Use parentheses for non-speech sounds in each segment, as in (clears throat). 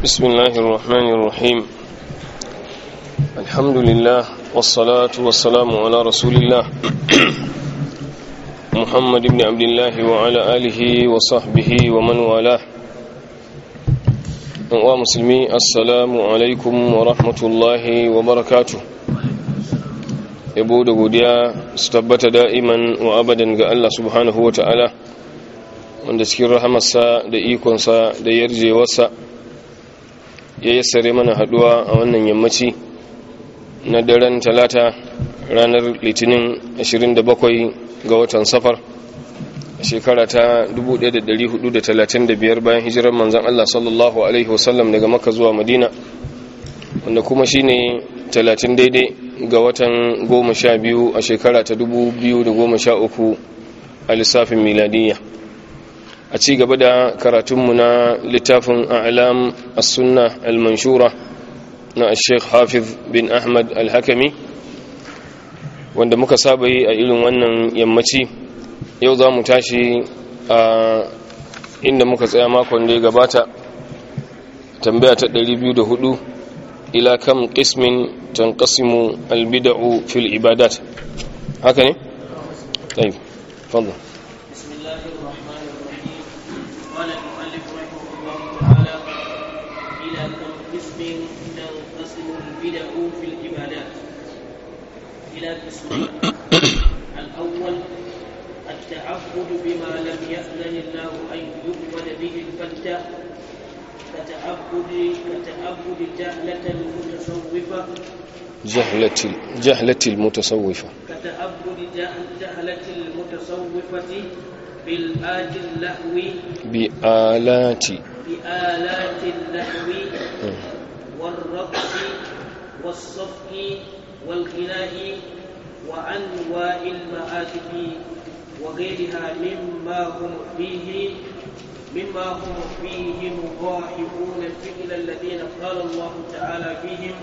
بسم الله الرحمن الرحيم الحمد لله والصلاة والسلام على رسول الله محمد بن عبد الله وعلى آله وصحبه ومن والاه ومسلمي السلام عليكم ورحمة الله وبركاته yabo da godiya su tabbata da'iman wa abadan ga Allah subhanahu wa ta'ala wanda cikin rahamarsa da ikonsa da yarjewarsa ya yi sare mana haduwa a wannan yammaci na daren talata ranar litinin 27 ga watan safar shekara ta 1435 bayan hijirar manzan Allah sallallahu alaihi wasallam daga maka zuwa madina wanda kuma ne 30 daidai ga watan 12 a shekara ta 2013 a lissafin miladiyya a ci gaba da karatunmu na littafin a'lam as-sunna al-manshura na Sheikh Hafiz bin Ahmad al-Hakami wanda muka saba yi a irin wannan yammaci yau za mu tashi a inda muka tsaya makon da ya gabata tambaya ta 204 ila kam qismin tanqasimu al-bid'u fil ibadat haka ne الاول التعبد بما لم ياذن الله ان يؤمن به الفتى كتعبد كتعبد جهلة المتصوفة جهلة جهلة المتصوفة كتعبد جهلة المتصوفة بالآت اللهو بآلات بآلات اللهو اه. والرقص والصفق والغناء وأنواع المآتب وغيرها مما هم فيه مما هم فيه مضاحكون الفتن الذين قال الله تعالى فيهم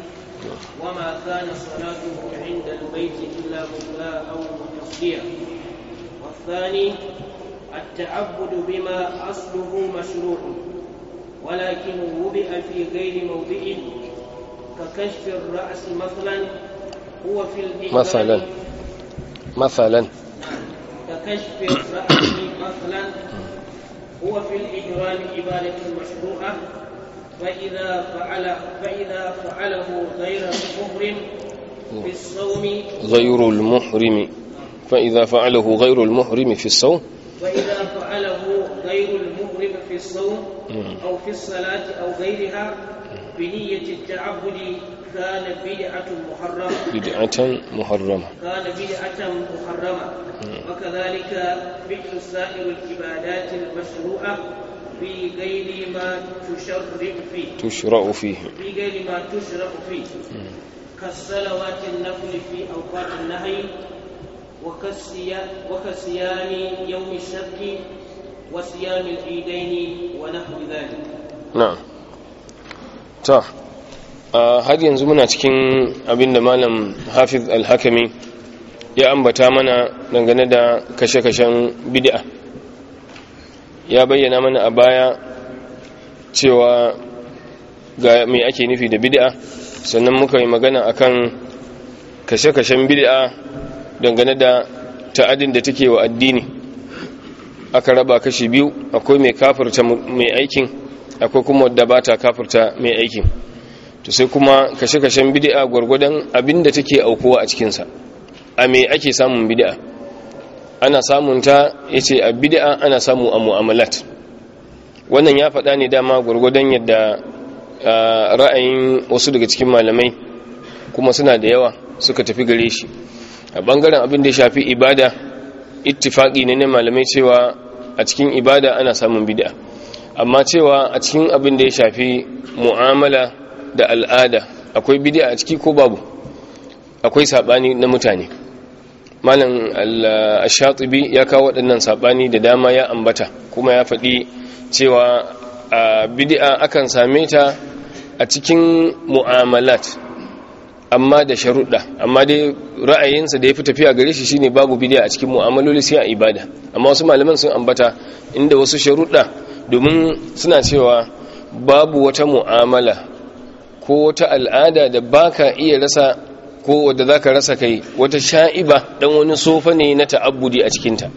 وما كان صلاته عند البيت إلا مبلاء أو تصديا والثاني التعبد بما أصله مشروع ولكن وبئ في غير موضع ككشف الرأس مثلا هو في الإيمان مثلا مثلا ككشف الرأي مثلا هو في الإجرام عبادة مشروعة فإذا فعل فإذا فعله غير محرم في الصوم غير المحرم فإذا فعله غير المحرم في الصوم فإذا فعله غير المحرم في الصوم أو في الصلاة أو غيرها بنية التعبد كان بدعة محرمة بدعة محرمة كان بدعة محرمة وكذلك مثل سائر العبادات المشروعة في غير ما تشرع فيه تشرع فيه في غير ما تشرع فيه كالصلوات النفل في أوقات النهي وكصيام يوم الشك وصيام العيدين ونحو ذلك نعم صح har yanzu muna cikin abinda malam hafiz alhakami ya ambata mana dangane da kashe-kashen bid'a ya bayyana mana a baya cewa ga mai ake nufi da bid'a sannan muka yi magana akan kashe-kashen bid'a dangane da ta'adin da take wa addini aka raba kashi biyu akwai mai kafarta mai aikin akwai kuma wadda ba ta kafarta mai aikin to sai kuma kashe-kashen bid'a gwargwadon abin da take aukowa a cikinsa a me ake samun bid'a ana samun ta ce a bid'a ana samu a mu'amalat wannan ya faɗa ne dama gwargwadon yadda ra'ayin wasu daga cikin malamai kuma suna da yawa suka tafi gare shi a bangaren abin da ya shafi ibada ittifaqi ne na malamai cewa a cikin ibada ana samun bid'a amma cewa a cikin abin da ya shafi mu'amala da al'ada akwai bidiya a ciki ko babu akwai saɓani na mutane malam al-shatibi ya kawo waɗannan sabani da dama ya ambata kuma ya faɗi cewa a bidi'a akan same ta a cikin mu'amalat amma da sharuɗa amma dai ra'ayinsa da ya fi tafiya gare shi shine babu bidiya a cikin mu'amaloli sai a ibada amma wasu malaman sun ambata inda wasu sharuɗa domin suna cewa babu wata mu'amala ko wata al'ada da baka iya rasa ko wadda zaka rasa kai wata sha'iba dan wani sofa ne na ta'abudi a cikinta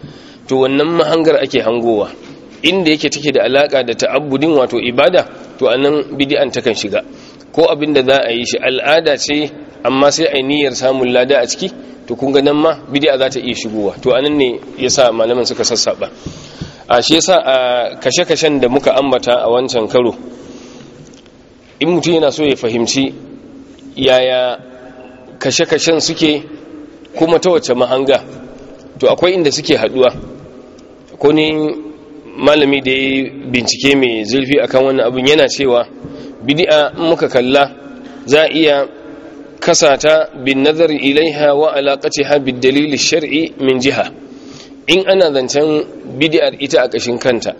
to wannan mahangar ake hangowa inda yake take da alaka da ta'abbudin wato ibada to anan bid'an kan shiga ko abin da za a yi shi al'ada ce amma sai a niyyar samun lada a ciki to kun ga nan ma bid'a za ta iya shigowa to anan ne yasa malaman suka sassaba a shi yasa a kashe-kashen da muka ambata a wancan karo in mutum yana so ya fahimci yaya kashe-kashen suke kuma ta wace mahanga to akwai inda suke haduwa ko malami da ya bincike mai zurfi akan wannan abin yana cewa bid'a muka kalla za a iya kasata bin nazar ilaiha wa alaqatiha bid dalilin shar'i min jiha in ana zancen bid'ar ita a ƙashin kanta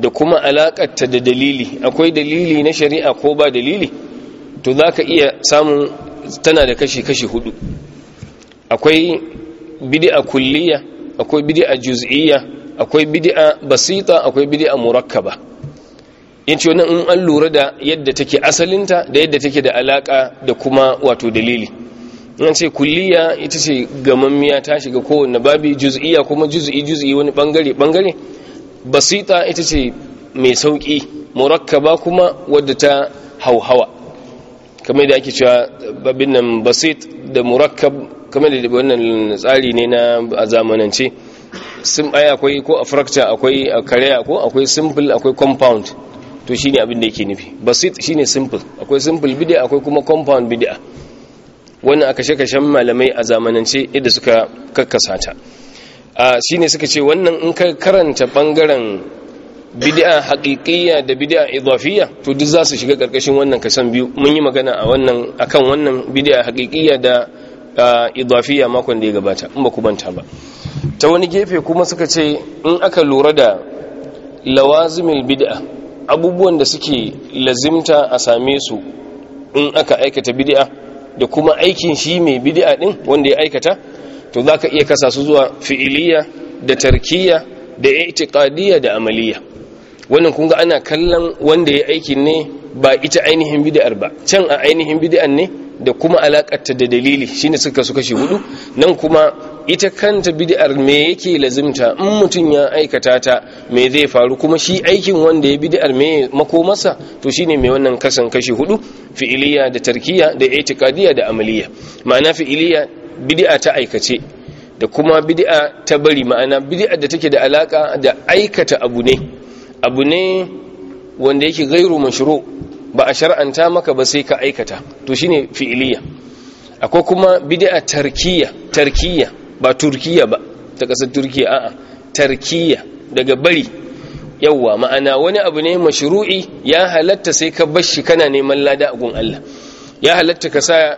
da kuma alakarta da dalili akwai dalili na shari'a ko ba dalili to za ka iya samun tana da kashi-kashi hudu akwai bidi'a kulliya akwai bidi'a juz'iyya akwai bidi'a basita akwai bidi'a murakkaba in ce wannan in an lura da yadda take asalinta da yadda take da alaka da kuma wato dalili in ce kulliya ita ce gamammiya ta shiga kowanne babu juz'iyya kuma juz'i juz'i wani bangare bangare basita ita ce mai sauƙi murakkaba kuma wadda ta hauhawa kamar da ake cewa babin nan basit da murakkab kamar da wannan tsari ne na a zamanance sim ai akwai ko a fracture akwai a karya ko akwai simple akwai compound to shine abin da yake nufi basit shine simple akwai simple bid'a akwai kuma compound bid'a wannan aka kashe-kashen malamai a zamanance yadda suka kakkasa ta shi ne suka ce wannan in ka karanta ɓangaren bid'a haƙiƙiyya da bid'a idafiyya to duk za su shiga ƙarƙashin wannan kasan biyu mun yi magana a wannan akan wannan bidi'a haƙiƙiyya da idafiyya makon da ya gabata in ba ku banta ba ta wani gefe kuma suka ce in aka lura da lawazimil bid'a abubuwan da suke lazimta a same su in aka aikata bid'a da kuma aikin shi mai bid'a din wanda ya aikata to za ka iya kasa su zuwa fi'iliya da tarkiya da itiqadiyya da amaliya wannan kun ga ana kallon wanda ya aiki ne ba ita ainihin bid'ar ba can a ainihin bid'an ne da kuma alakarta da dalili shine suka su kashi hudu nan kuma ita kanta bid'ar me yake lazimta in mutum ya aikata ta me zai faru kuma shi aikin wanda ya bid'ar me makomarsa to shine mai wannan kasan kashi hudu fi'iliya da tarkiya da itiqadiyya da amaliya ma'ana fi'iliya bid'a ta aikace da kuma bid'a ta bari ma'ana bid'a da take da alaka da aikata abu ne abu ne wanda yake gairu mashru ba a shar'anta maka ba sai ka aikata to shine fi'iliya akwai kuma bid'a tarkiya tarkiya ba turkiya ba ta kasar turkiya a'a tarkiya daga bari yawwa ma'ana wani abu ne mashru'i ya halatta sai ka bar shi kana neman lada a gun Allah ya halatta ka sa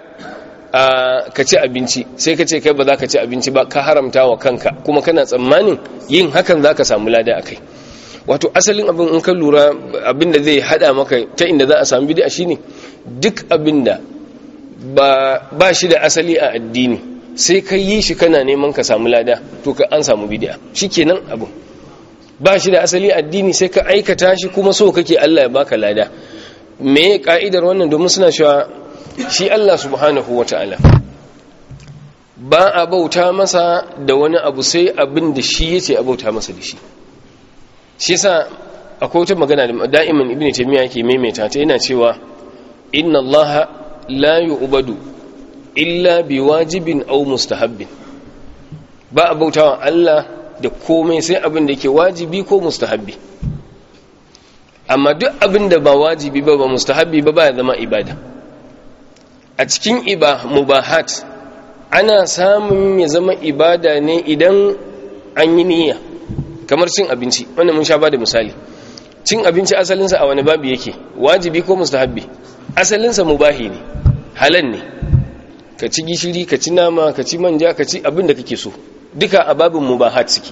ka ci abinci sai ka ce kai ba za ka ci abinci ba ka haramta wa kanka kuma kana tsammanin yin hakan za ka samu lada a kai wato asalin abin in ka lura abin da zai hada maka ta inda za a samu bid'a shine duk abin da ba, shi da asali a addini sai ka yi shi kana neman ka samu lada to ka an samu ke nan abu ba shi da asali a addini sai ka aikata shi kuma so kake Allah ya baka lada me ka'idar wannan domin suna shawa shi Allah subhanahu wa ta'ala ba a bauta masa da wani abu sai abin da shi yace a bauta masa da shi shi yasa akwai wata magana da da'iman ibn taimiyya yake maimaita ta yana cewa inna allaha la yi ubadu illa bi wajibin au mustahabbin ba a bautawa Allah da komai sai abin da ke wajibi ko mustahabbi amma duk abin da ba wajibi ba ba mustahabbi ba ba ya zama ibada a cikin mubahat ana samun ya zama ibada ne idan an yi niyya kamar cin abinci wanda mun sha ba da misali cin abinci asalinsa a wani babu yake wajibi ko mustahabbi asalinsa mubahi ne halal ne ka ci gishiri ka ci nama ka ci manja ka ci abin da kake so duka a babin mubahat suke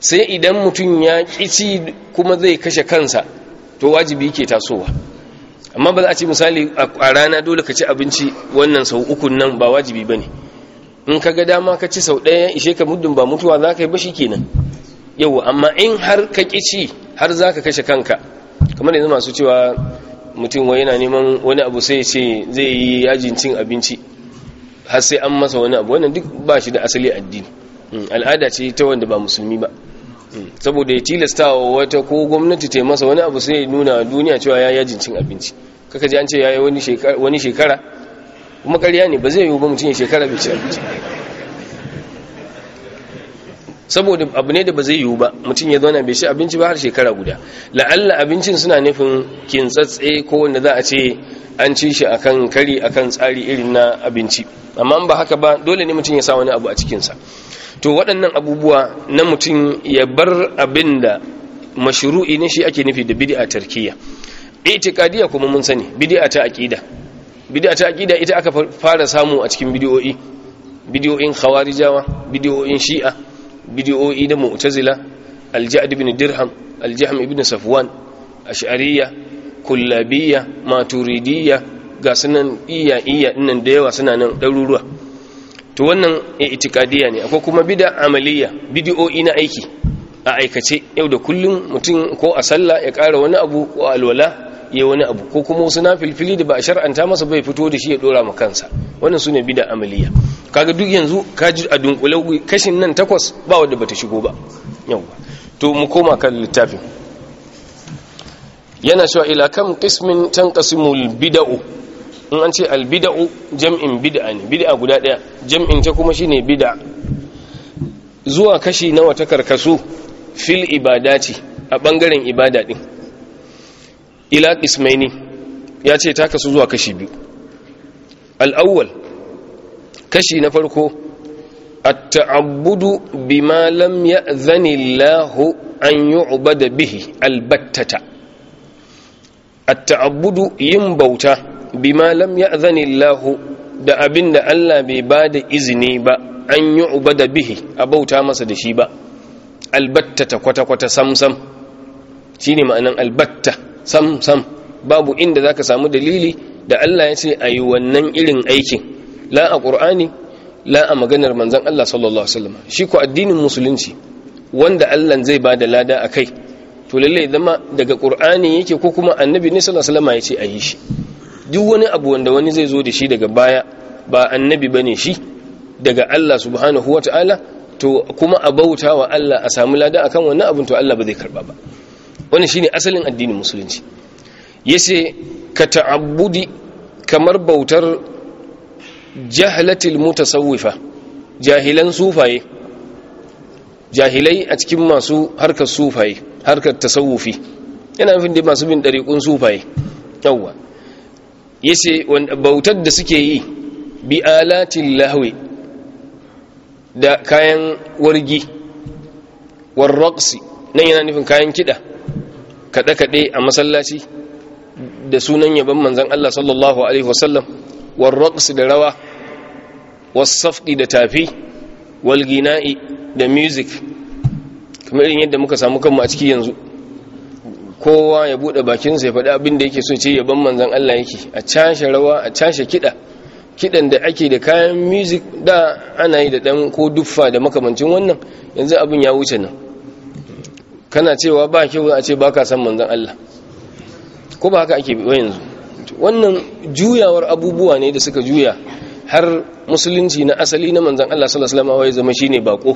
sai idan mutum ya ƙici kuma zai kashe kansa to wajibi yake tasowa amma ba za a ce misali a rana dole ka ci abinci wannan sau uku nan ba wajibi ba ne in ka ga dama ka ci sau ɗaya ishe ka muddin ba mutuwa za ka yi ba shi kenan yau amma in har ka ƙi ci har za ka kashe kanka kamar yanzu masu cewa mutum wai yana neman wani abu sai ce zai yi yajin cin abinci har sai an masa wani abu wannan duk ba shi da asali addini hmm, al'ada ce ta wanda ba musulmi ba saboda ya tilasta wa wata ko gwamnati ta masa wani abu sai nuna duniya cewa ya yajin cin abinci kaka ji an ce ya yi wani shekara kuma karya ne ba zai yiwu ba mutum ya shekara bai ci abinci saboda abu ne da ba zai yiwu ba mutum ya zauna bai ci abinci ba har shekara guda la'alla abincin suna nufin kintsatse ko wanda za a ce an ci shi akan kari akan tsari irin na abinci amma ba haka ba dole ne mutum ya sa wani abu a cikinsa to waɗannan abubuwa na mutum ya bar abin da mashru'i ne shi ake nufi da bid'a tarkiya itiqadiyya kuma mun sani bid'a ta aqida bid'a ta aqida ita aka fara samu a cikin bid'o'i bid'o'in khawarijawa bid'o'in shi'a bidiyo'i na mu'tazila alja'ad ibn dirham aljahm ibn safwan ash'ariyya kullabiyya maturidiyya ga sunan iya iya nan da yawa suna nan daruruwa. to wannan itikadiyya ne akwai kuma bida amaliyya bidiyo'i na aiki a aikace yau da kullum mutum ko a sallah ya ƙara wani abu ko alwala ya wani abu ko kuma wasu na filfili da ba a shar'anta masa bai fito da shi ya dora ma kansa wannan su ne bida amaliya kaga duk yanzu ka ji a dunkule kashin nan takwas ba wadda bata shigo ba yawa to mu koma kan littafin yana cewa ila kam qismin tanqasimu bid'u in an ce bid'u jam'in bid'a ne bid'a guda daya jam'in ta kuma shine bid'a zuwa kashi nawa ta karkasu fil ibadati a bangaren ibada din ila qismaini ya ce ta kasu zuwa kashi biyu al'awwal kashi na farko at-ta'abbudu bima lam zani lahu, an yu'bada bihi albattata A taabbudu yin bauta bima lam zani lahu, da abinda Allah bai bada izini ba an yu'bada bihi a bauta masa da shi ba albattata kwata-kwata samsam shine ma'anan albatta sam sam babu inda zaka samu dalili da Allah ya ce ayi wannan irin aikin la a qur'ani la a maganar manzon Allah sallallahu alaihi wasallam shi ko addinin musulunci wanda Allah zai ba da lada akai to lalle zama daga ƙur'ani yake ko kuma annabi ne sallallahu alaihi ya ce ayi shi duk wani abu wanda wani zai zo da shi daga baya ba annabi bane shi daga Allah subhanahu ta'ala. to kuma a bautawa Allah a samu lada akan wannan abin to Allah ba zai karba ba Wani shine asalin addinin musulunci yace ka ta'abbudi kamar bautar jahlatil mutasawwifa jahilan sufaye jahilai a cikin masu harkar sufaye harkar tasawufi yana nufin da masu bin ɗariƙun sufaye yawwa yace bautar da suke yi bi alatin lahwi da kayan wargi warraqsi nan yana nufin kayan kiɗa? kaɗe-kaɗe a masallaci da sunan yaban manzan Allah sallallahu Alaihi wasallam warraqs da rawa safqi da tafi walgina'i da music kamar irin yadda muka samu kanmu a ciki yanzu kowa ya buɗe bakinsa ya faɗi abin da yake so ce yaban manzan Allah yake a cashe rawa a cashe kiɗa kiɗan da ake da kayan music da ana yi da ɗan ko duffa da makamancin wannan yanzu abin ya wuce nan kana cewa ba kyau a ce ba ka san manzan Allah ko ba haka ake ba yanzu wannan juyawar abubuwa ne da suka juya har musulunci na asali na manzan Allah sallallahu alaihi wasallam zama shine bako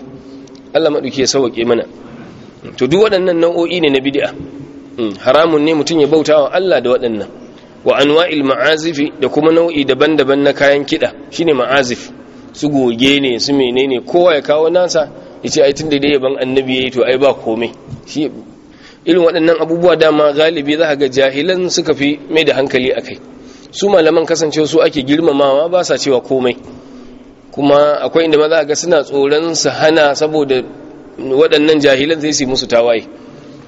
Allah ya sauke mana to duk waɗannan nau'o'i ne na bid'a hmm, haramun ne mutum ya bauta wa Allah da waɗannan wa anwa'il ma'azifi da kuma nau'i daban-daban na kayan kiɗa shine ma'azif su goge ne su menene kowa ya kawo nasa yace ai tunda dai yaban annabi yi to ai ba komai shi irin waɗannan abubuwa dama galibi za ga jahilan suka fi mai da hankali a kai su malaman kasance su ake girmamawa ba sa cewa komai kuma akwai inda ma za ga suna tsoron su hana saboda waɗannan jahilan zai su musu tawaye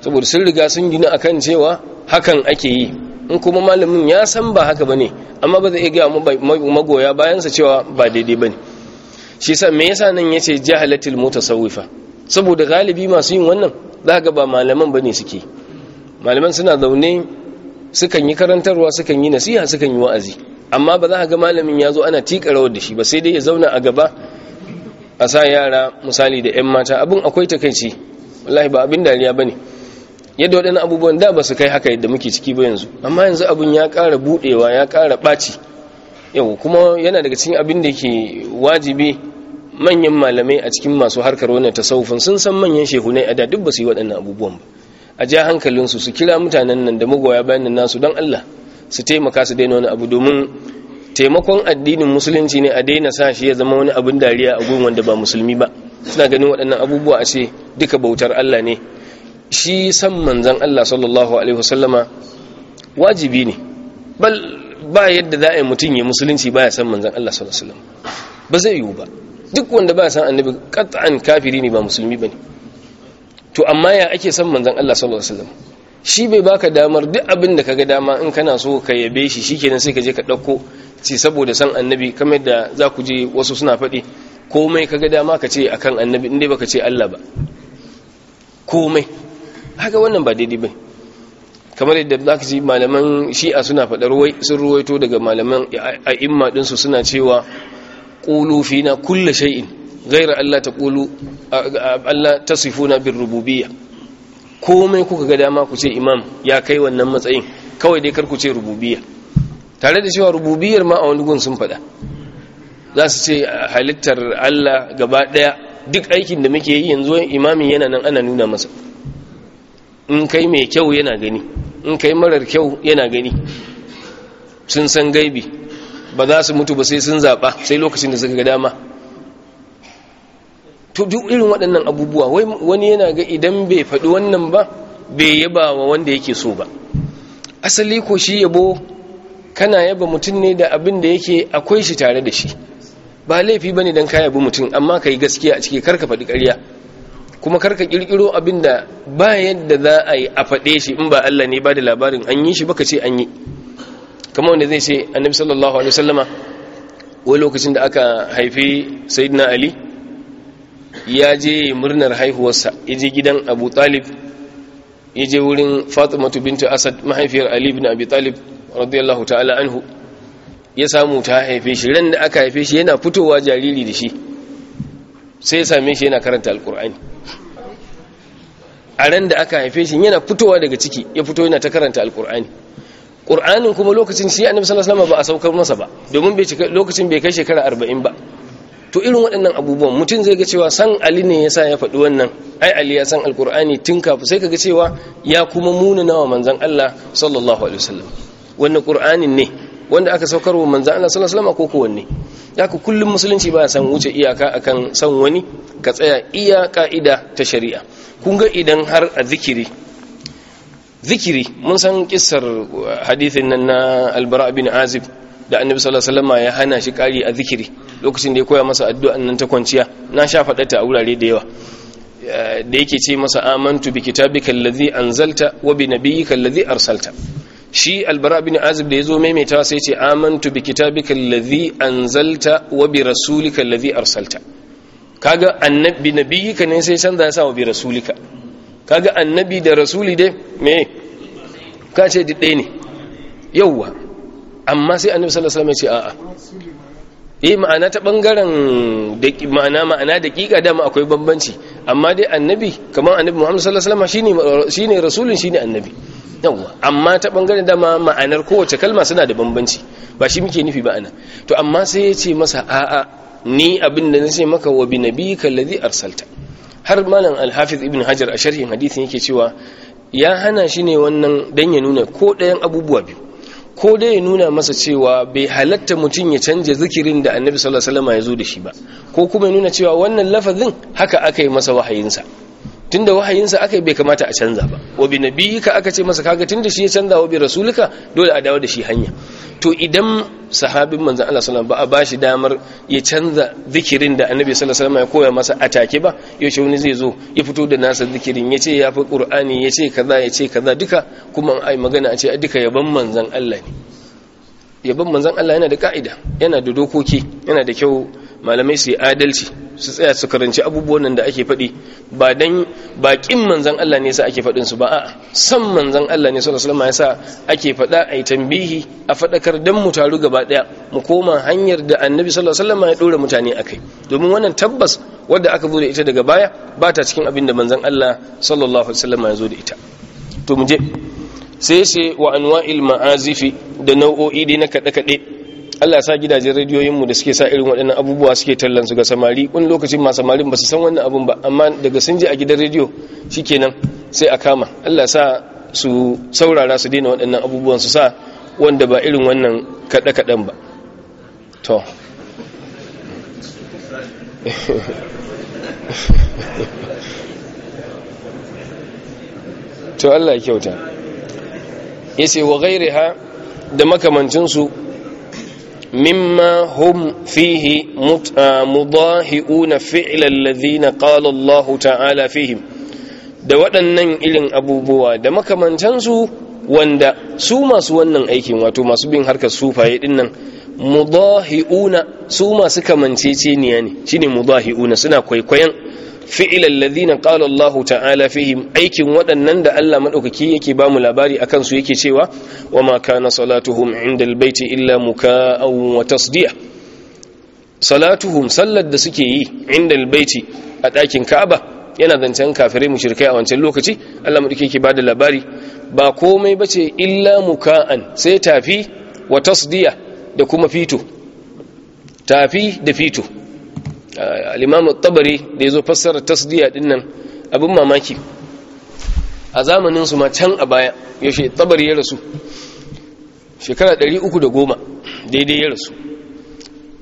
saboda sun riga sun gina a kan cewa hakan ake yi in kuma malamin ya san ba haka ba ne, amma ba zai iya gaya magoya bayansa cewa ba daidai bane shi sa me yasa nan ya yace jahalatul mutasawwifa saboda galibi masu yin wannan daga ba malaman bane suke malaman suna zaune sukan yi karantarwa sukan yi nasiha sukan yi wa'azi amma ba za a ga malamin ya zo ana tika rawar da shi ba sai dai ya zauna a gaba a sa yara misali da 'yan mata abin akwai takaici wallahi ba abin dariya ba ne yadda waɗannan abubuwan da ba su kai haka yadda muke ciki ba yanzu amma yanzu abin ya kara buɗewa ya kara ɓaci yau kuma yana daga cikin abin da ke wajibi manyan malamai a cikin masu harkar wannan tasawufin sun san manyan shehunai a da duk ba su yi waɗannan abubuwan ba a ja hankalinsu su kira mutanen nan da magoya bayan nasu don Allah su taimaka su daina wani abu domin taimakon addinin musulunci ne a daina sa shi ya zama wani abin dariya a gurin wanda ba musulmi ba suna ganin waɗannan abubuwa a ce duka bautar Allah ne shi san manzan Allah sallallahu alaihi wasallama wajibi ne ba yadda za a yi mutum ya musulunci ba ya san manzan Allah sallallahu alaihi wasallam ba zai yiwu ba duk wanda ba san annabi qat'an kafiri ne ba musulmi bane to amma ya ake san manzon Allah sallallahu alaihi wasallam shi bai baka damar duk abin da kaga dama in kana so ka yabe shi shikenan sai ka je ka dauko ci saboda san annabi kamar da za ku je wasu suna faɗi komai kaga dama ka ce akan annabi in baka ce Allah ba komai haka wannan ba daidai bane kamar yadda za ka ji malaman shi'a suna faɗar sun ruwaito daga malaman a'imma dinsu suna cewa taqulu fina kulli shay'in ghayra alla taqulu alla tasifuna rububiya. komai kuka ga dama ku ce imam ya kai wannan matsayin kawai dai kar ku ce rububiyya tare da cewa rububiyyar ma a wani gun sun faɗa za su ce halittar Allah gaba ɗaya duk aikin da muke yi yanzu imamin yana nan ana nuna masa in kai mai kyau yana gani in kai marar kyau yana gani sun san gaibi ba za su mutu ba sai sun zaɓa sai lokacin da suka ga dama to duk irin waɗannan abubuwa wani yana ga idan bai faɗi wannan ba bai yaba wa wanda yake so ba asali ko shi yabo kana yaba mutum ne da abin da yake akwai shi tare da shi ba laifi ba ne don ka yabi mutum amma ka yi gaskiya a ciki karka faɗi karya. kuma karka ƙirƙiro abin da ba yadda za a yi a faɗe shi in ba Allah ne ba da labarin an yi shi baka ce an yi kamar wanda zai ce annabi sallallahu alaihi wasallama wani lokacin da aka haifi sayyidina ali ya je murnar haihuwarsa ya je gidan abu talib ya je wurin fatimatu bintu asad mahaifiyar ali bin abi talib radiyallahu ta'ala anhu ya samu ta haife shi ran da aka haife shi yana fitowa jariri da shi sai ya same shi yana karanta alkur'ani a ran da aka haife shi yana fitowa daga ciki ya fito yana ta karanta alkur'ani qur'anin kuma lokacin shi annabi sallallahu alaihi wasallam ba a saukar masa ba domin bai cika lokacin bai kai shekara arba'in ba to irin waɗannan abubuwan mutum zai ga cewa san ali ne yasa ya faɗi wannan ai ali ya san alqur'ani tun kafu sai ka ga cewa ya kuma muna nawa manzon Allah sallallahu alaihi wasallam wannan qur'anin ne wanda aka saukar wa manzon Allah sallallahu alaihi wasallam ko kowanne kullum musulunci ba san wuce iyaka akan san wani ka tsaya iya ka'ida ta shari'a kun ga idan har a zikiri zikiri mun san kissar uh, hadithin nan na albara bin azib da annabi sallallahu alaihi wasallam ya hana shi kari a zikiri lokacin da ya koya masa addu'an nan ta kwanciya na sha faɗa ta a wurare da yawa uh, da yake ce masa amantu bi kitabika allazi anzalta wa bi nabiyyika allazi arsalta shi albara bin azib da yazo maimaitawa sai ce amantu bi kitabika allazi anzalta wa bi rasulika allazi arsalta kaga annabi nabiyyika ne sai canza ya sa wa bi rasulika kaga annabi da rasuli dai me ka ce duk ɗaya ne yauwa amma sai annabi sallallahu alaihi wasallam ya ce a'a eh ma'ana ta bangaren ma'ana ma'ana daƙiƙa da mu akwai bambanci amma dai annabi kamar annabi Muhammad sallallahu alaihi wasallam shine shine rasulun shine annabi yauwa amma ta bangaren ma ma'anar kowace kalma suna da bambanci ba shi muke nufi ba ana to amma sai ya ce masa a'a ni abin da nace maka wa bi nabiyika allazi arsalta har malam alhafiz ibn hajar a sharhin hadisin yake cewa ya hana shi ne wannan dan ya nuna ko ɗayan abubuwa biyu ko dai ya nuna masa cewa bai halatta mutum ya canja zikirin da annabi sallallahu alaihi wasallam ya zo da shi ba ko kuma ya nuna cewa wannan lafazin haka aka yi masa wahayinsa tunda wahayinsa aka bai kamata a canza ba wa bi nabiyika aka ce masa kaga tunda shi ya canza wa bi rasulika dole a dawo da shi hanya to idan sahabin manzon Allah sallallahu alaihi wasallam ba a bashi damar ya canza zikirin da annabi sallallahu alaihi wasallam ya koya masa a take ba yaushe wani zai zo ya fito da nasa zikirin Ya ce ya fi qur'ani ce kaza ya ce kaza duka kuma ai magana a ce duka yaban manzon Allah ne yaban manzon Allah yana da ka'ida yana da dokoki yana da kyau malamai su yi adalci su tsaya su karanci abubuwan nan da ake faɗi ba dan baƙin manzan Allah ne sa ake faɗin su ba a'a san manzan Allah ne sallallahu alaihi wasallam yasa ake faɗa ai tambihi a faɗakar dan mu taru gaba ɗaya mu koma hanyar da annabi sallallahu alaihi wasallam ya dora mutane akai domin wannan tabbas wadda aka zo da ita daga baya ba ta cikin abin da manzan Allah sallallahu alaihi wasallam ya zo da ita to mu je sai sai wa anwa'il ma'azifi da nau'o'i dai na kaɗe-kaɗe Allah sa gidajen mu da suke sa irin waɗannan abubuwa suke tallan su ga samari wani lokacin ma samarin ba su san wannan abun ba amma daga sun je a gidan rediyo shikenan sai a kama Allah sa su saurara su daina waɗannan abubuwan su sa wanda ba irin wannan kaɗe-kaɗen ba to (laughs) to Allah ya kyauta yace wa ghairiha da makamancinsu مما هم فيه مضاهئون فعل الذين قال الله تعالى فيهم da waɗannan irin abubuwa da makamantansu wanda su masu wannan aikin wato masu bin harkar sufaye din nan mudahiuna su masu kamanceceniya ne shine mudahiuna suna kwaikwayon fi'ilal ladina qala Allah ta'ala fihim aikin waɗannan da Allah madaukaki yake ba mu labari akan su yake cewa wama kana salatuhum indal baiti illa muka'an wa tasdiya salatuhum sallar da suke yi indal baiti a ɗakin Ka'aba yana zancen kafirai mushrikai a wancan lokaci Allah madaukaki yake ba da labari ba komai bace illa muka'an sai tafi wa tasdiya da kuma fito tafi da fito al-imam at-tabari da yazo fassara tasdiya din nan abin mamaki a zamanin su ma can a baya yaushe tabari ya rasu shekara 310 daidai ya rasu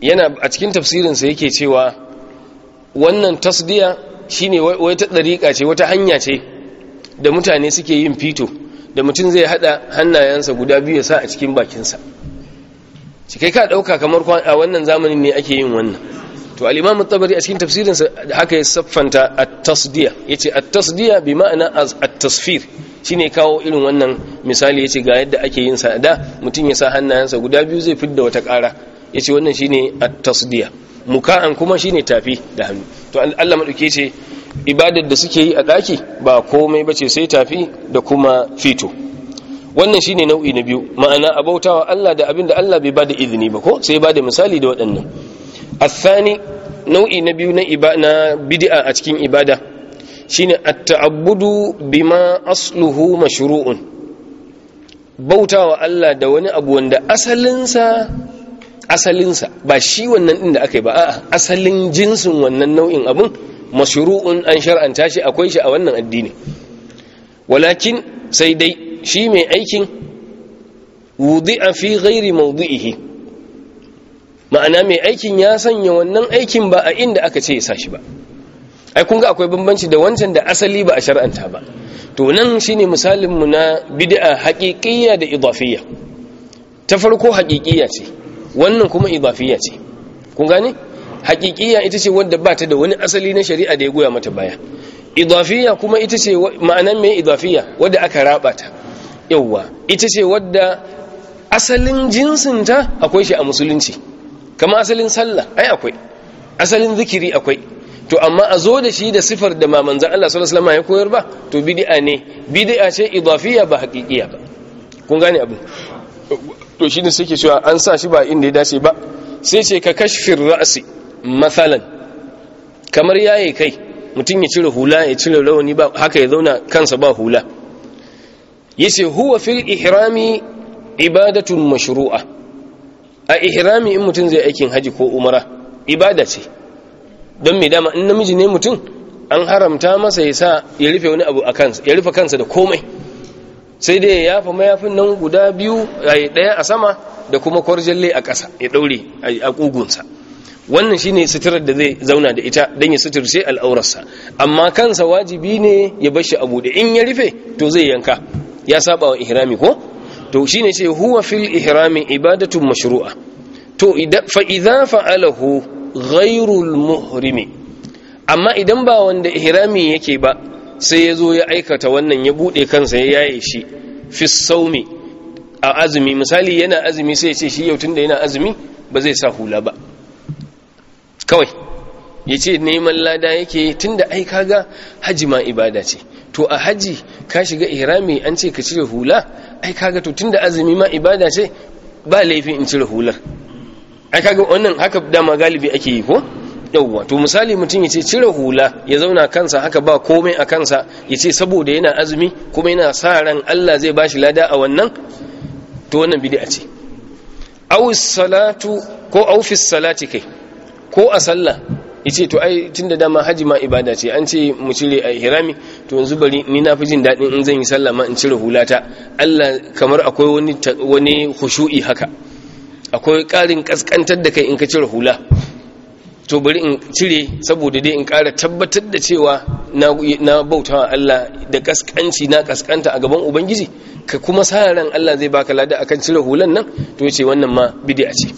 yana a cikin tafsirin sa yake cewa wannan tasdiya shine wai ta ɗariƙa ce wata hanya ce da mutane suke yin fito da mutum zai haɗa hannayensa guda biyu ya sa a cikin bakinsa cikai ka dauka kamar a wannan zamanin ne ake yin wannan to al-imam at-tabari a cikin tafsirin sa haka ya saffanta at-tasdiya yace at-tasdiya bi ma'ana at-tasfir shine kawo irin wannan misali yace ga yadda ake yin sa da mutum ya sa hannayensa guda biyu zai fidda wata ƙara yace wannan shine at-tasdiya muka'an kuma shine tafi da hannu to Allah madauke ce ibadar da suke yi a daki ba komai bace sai tafi da kuma fito wannan shine nau'i na biyu ma'ana abautawa Allah da abin da Allah bai bada izini ba ko sai bada misali da waɗannan asani nau'i na biyu na bid'a a cikin ibada shine at-ta'abbudu bima asluhu mashru'un bautawa Allah da wani abu wanda asalinsa ba shi wannan din da aka yi ba a'a asalin jinsin wannan nau'in abun mashru'un an shar'anta shi akwai shi a wannan addini walakin sai dai shi mai aikin wudi'a fi ghairi mawdi'ihi ma'ana mai aikin ya sanya wannan aikin ba a inda aka ce ya sa shi ba ai kun ga akwai bambanci da wancan da asali ba a shar'anta ba to nan shine misalin mu na bid'a haqiqiyya da idafiyya ta farko haqiqiyya ce wannan kuma idafiyya ce kun gane haqiqiyya ita ce wanda ba ta da wani asali na shari'a da ya goya mata baya idafiyya kuma ita ce ma'ana mai idafiyya wanda aka raba ta yawwa ita ce wanda asalin jinsinta akwai shi a musulunci kama asalin sallah ai akwai asalin zikiri akwai to amma a zo da shi da sifar da ma manzan Allah sallallahu alaihi wasallam ya koyar ba to bid'a ne bid'a ce idafiya ba haqiqiya ba kun gane abu to shi ne suke cewa an sa shi ba inda ya dace ba sai ce ka kashfir ra'si mathalan kamar yayi kai mutum ya cire hula ya cire rawani ba haka ya zauna kansa ba hula yace huwa fil ihrami ibadatun mashru'a a ihrami in mutum zai aikin haji ko umara ibada ce don mai dama in namiji ne mutum an haramta masa ya sa ya rufe wani abu a kansa ya rufe kansa da komai sai dai ya yafa mayafin nan guda biyu daya a sama da kuma kwarjalle a ƙasa ya ɗaure a ƙugunsa wannan shine suturar da zai zauna da ita don ya sutur sai al'aurarsa amma kansa wajibi ne ya bashi a buɗe in ya rufe to zai yanka ya saba wa ihrami ko to shi shine ce huwa fil ihrami ibadatu mashru'a to fa idza fa'alahu muhrimi amma idan ba wanda ihrami yake ba sai ya zo ya aikata wannan ya bude kansa ya yaye shi fi saumi a azumi misali yana azumi sai ya ce shi yau tunda yana azumi ba zai sa hula ba kawai ya ce neman lada yake tunda ai kaga hajima hajima ibada ce to a haji ka shiga ihrami an ce ka cire hula ai kaga to tunda azumi ma ibada ce ba laifi in cire hular ai kaga wannan haka dama galibi ake yi ko yauwa to misali mutum ya ce cire hula ya zauna kansa haka ba komai a kansa ya ce saboda yana azumi kuma yana sa ran Allah zai bashi lada a wannan to wannan bid'a ce aw salatu ko aw fi salati kai ko a sallah yace to ai tunda dama haji ma ibada ce an ce mu cire a hirami to yanzu bari ni na fi jin daɗin in zan yi sallah ma in cire hulata Allah kamar akwai wani wani khushu'i haka akwai ƙarin kaskantar da kai in ka cire hula to bari in cire saboda dai in ƙara tabbatar da cewa na bautawa Allah da kaskanci na kaskanta a gaban ubangiji ka kuma sa ran Allah zai baka lada akan cire hulan nan to yace wannan ma bid'a ce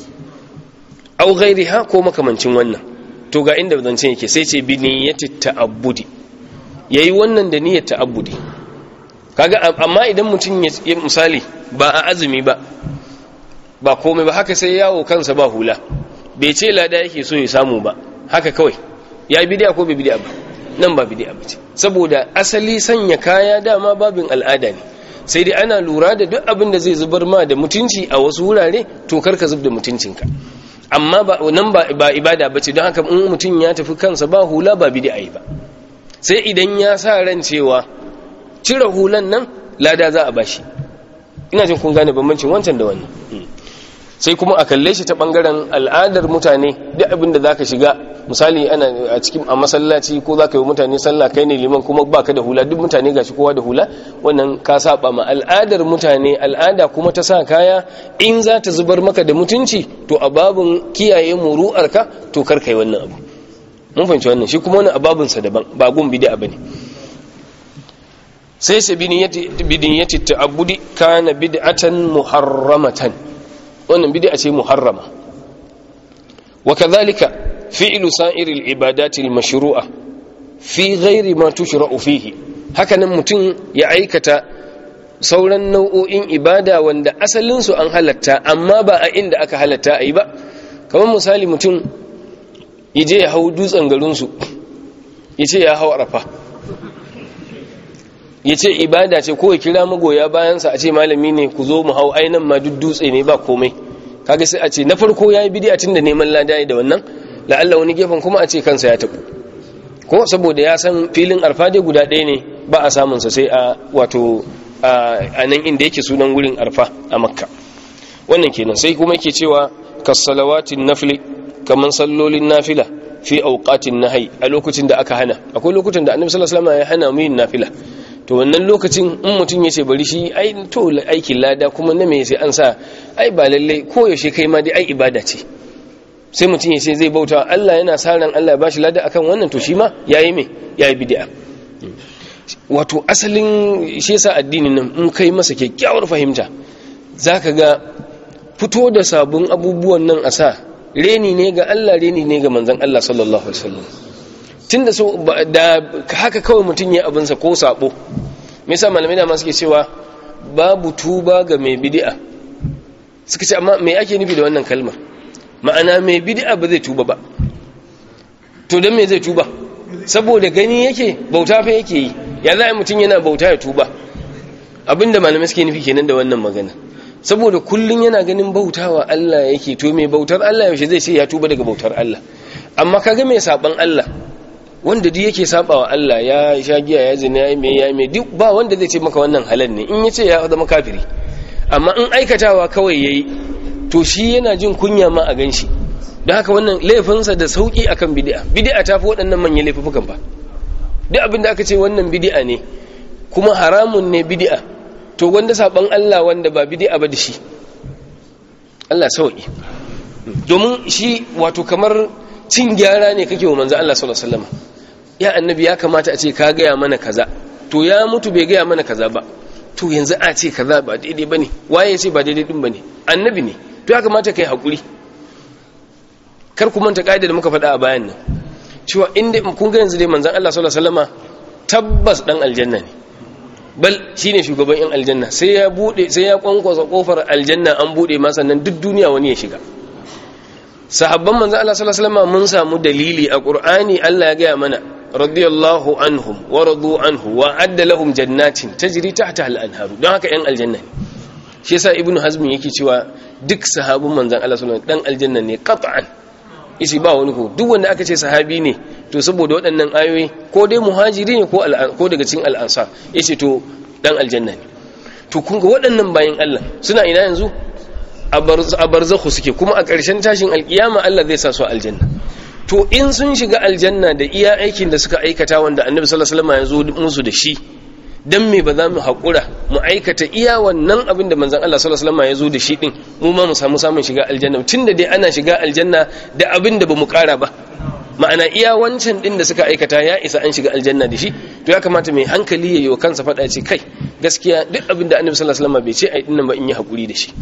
au ghairiha ko makamancin wannan to ga inda zancen yake sai ce bi niyyati ta'abbudi yayi wannan da niyyar ta'abbudi kaga amma idan mutum ya misali ba a azumi ba ba komai ba haka sai yawo kansa ba hula bai ce lada yake so ya samu ba haka kawai ya bidiya ko bai bidiya ba nan ba bidiya ba ce saboda asali sanya kaya dama babin al'ada ne sai dai ana lura da duk abin da zai zubar ma da mutunci a wasu wurare to karka zub da mutuncinka amma ba nan ba ibada bace don haka in mutum ya tafi kansa ba hula ba da'i ba sai idan ya sa ran cewa cire hulan nan lada za a bashi ina jin kun gane bambancin wancan da wannan hmm. sai kuma a kalle shi ta bangaren al'adar mutane duk abin da zaka shiga misali ana a cikin a masallaci ko zaka yi mutane sallah kai ne liman kuma baka da hula duk mutane gashi kowa da hula wannan ka saba ma al'adar mutane al'ada kuma ta sa kaya in za ta zubar maka da mutunci to a babun kiyaye muru'arka to kar kai wannan abu mun fahimci wannan shi kuma wani a sa daban ba gun bid'a bane sai sabini yati bidin yati kana bid'atan muharramatan wannan bid'a ce muharrama wa kadhalika fi'lu sa'iril ibadati al-mashru'a fi ghairi ma tushra'u fihi hakanan mutum ya aikata sauran nau'o'in ibada wanda asalin su an halatta amma ba a inda aka halatta ayi ba kamar misali mutum yaje ya hau dutsen garin su yace ya hau arafa ya ce ibada ce kowai kira magoya bayansa a ce malami ne ku zo mu hau ainihin ma duk dutse ne ba komai kaga sai a ce na farko ya yi bidiyar tun da neman lada da wannan la'alla wani gefen kuma a ce kansa ya tabu ko saboda ya san filin arfa guda ɗaya ne ba a samunsa sai a wato a nan inda yake sunan wurin arfa a makka wannan kenan sai kuma yake cewa kasalawatin nafili kaman sallolin nafila fi na nahyi a lokacin da aka hana akwai lokacin da annabi sallallahu alaihi wasallam ya hana mu yin nafila to wannan lokacin in mutum ya ce bari shi ai to aikin lada kuma na me sai an sa ai ba lalle ko yaushe kai ma dai ai ibada ce sai mutum ya ce zai bauta Allah yana sa ran Allah ya bashi lada akan wannan to shi ma yayi me yayi bid'a wato asalin shi yasa addinin nan in kai masa kyakkyawar fahimta zaka ga fito da sabon abubuwan nan a sa reni ne ga Allah reni ne ga manzon Allah sallallahu alaihi wasallam tun da haka kawai mutum ya abinsa ko sabo misa malamai da masu ke cewa babu tuba ga mai bidi'a suka ce amma mai ake nufi da wannan kalma ma'ana mai bidi'a ba zai tuba ba to don mai zai tuba saboda gani yake bauta fa yake yi ya za mutum yana bauta ya tuba abinda malamai suke nufi kenan da wannan magana saboda kullum yana ganin bautawa Allah yake to mai bautar Allah yaushe zai ce ya tuba daga bautar Allah amma kaga mai saban Allah wanda duk yake sabawa Allah ya sha giya ya zina ya me ya me duk ba wanda zai ce maka wannan halal ne in ce ya zama kafiri amma in aikatawa kawai yayi to shi yana jin kunya ma a ganshi don haka wannan laifinsa da sauki akan bid'a bid'a ta fi waɗannan manyan laifukan ba duk abin da aka ce wannan bid'a ne kuma haramun ne bid'a to wanda saban Allah wanda ba bid'a ba da shi Allah sauki domin shi wato kamar cin gyara ne kake wa manzo Allah sallallahu alaihi wasallam ya annabi ya kamata a ce ka gaya mana kaza to ya mutu bai gaya mana kaza ba to yanzu a ce kaza ba daidai bane waye ya ce ba daidai din bane annabi ne to ya kamata yi hakuri kar ku manta kaida da muka faɗa a bayan nan cewa inda kun ga yanzu dai manzon Allah sallallahu alaihi wasallama tabbas dan aljanna ne bal shine shugaban yan aljanna sai ya bude sai ya kwankwasa kofar aljanna an bude ma sannan duk duniya wani ya shiga sahabban manzon Allah sallallahu alaihi wasallama mun samu dalili a Qur'ani Allah ya ga mana radiyallahu anhum wa radu anhu wa adda lahum jannatin tajri tahta al-anharu don haka yan aljanna ne shi yasa ibnu hazm yake cewa duk sahabin manzon Allah sallallahu alaihi wasallam dan aljanna ne qat'an isi ba wani ko duk wanda aka ce sahabi ne to saboda waɗannan ayoyi ko dai muhajiri ne ko ko daga cikin al'ansa yace to dan aljanna ne to kun ga waɗannan bayan Allah suna ina yanzu a barzakhu suke kuma a ƙarshen tashin alkiyama Allah zai sa su aljanna to in sun shiga aljanna da iya aikin da suka aikata wanda annabi sallallahu alaihi wasallam ya zo musu da shi dan me ba za mu haƙura mu aikata iya wannan abin da manzon Allah sallallahu alaihi wasallam ya zo da shi din mu ma mu samu samun shiga aljanna tunda dai ana shiga aljanna da abin da bamu kara ba ma'ana iya wancan din da suka aikata ya isa an shiga aljanna da shi to ya kamata mai hankali ya yi wa kansa faɗa ce kai gaskiya duk abin da annabi sallallahu alaihi wasallam bai ce ai dinnan ba in yi hakuri da shi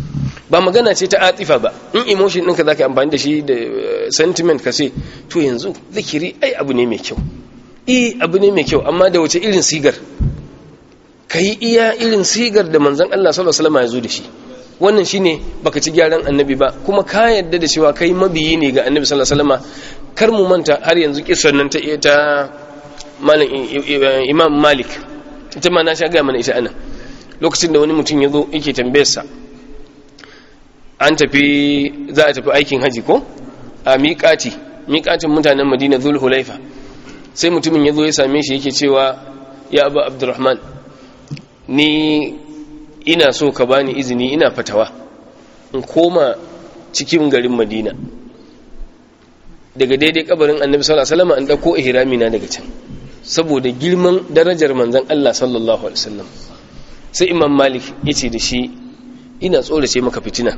ba magana ce ta atifa ba in emotion ɗinka zaka amfani da shi da eh, sentiment ka ce to yanzu zikiri ai abu ne mai kyau eh abu ne mai kyau amma da wace irin sigar kai iya irin sigar da manzon Allah sallallahu alaihi wasallam ya zo da shi wannan shine baka ci gyaran annabi ba kuma ka yadda da cewa kai mabiyi ne ga annabi sallallahu alaihi wasallam kar mu manta har yanzu kisan nan ta ta malam eh, eh, imam malik ita ma na sha gaya mana ita anan lokacin da wani mutum ya zo yake tambayarsa an tafi za a tafi aikin haji ko a miƙati miƙatin mutanen madina zul hulaifa sai mutumin ya zo ya same shi yake cewa ya abu abdurrahman ni ina so ka bani izini ina fatawa in koma cikin garin madina daga daidai kabarin annabi sallallahu alaihi wasallam an dauko na daga can saboda girman darajar manzan Allah sallallahu alaihi wasallam sai imam malik ya ce da shi ina tsorace maka fitina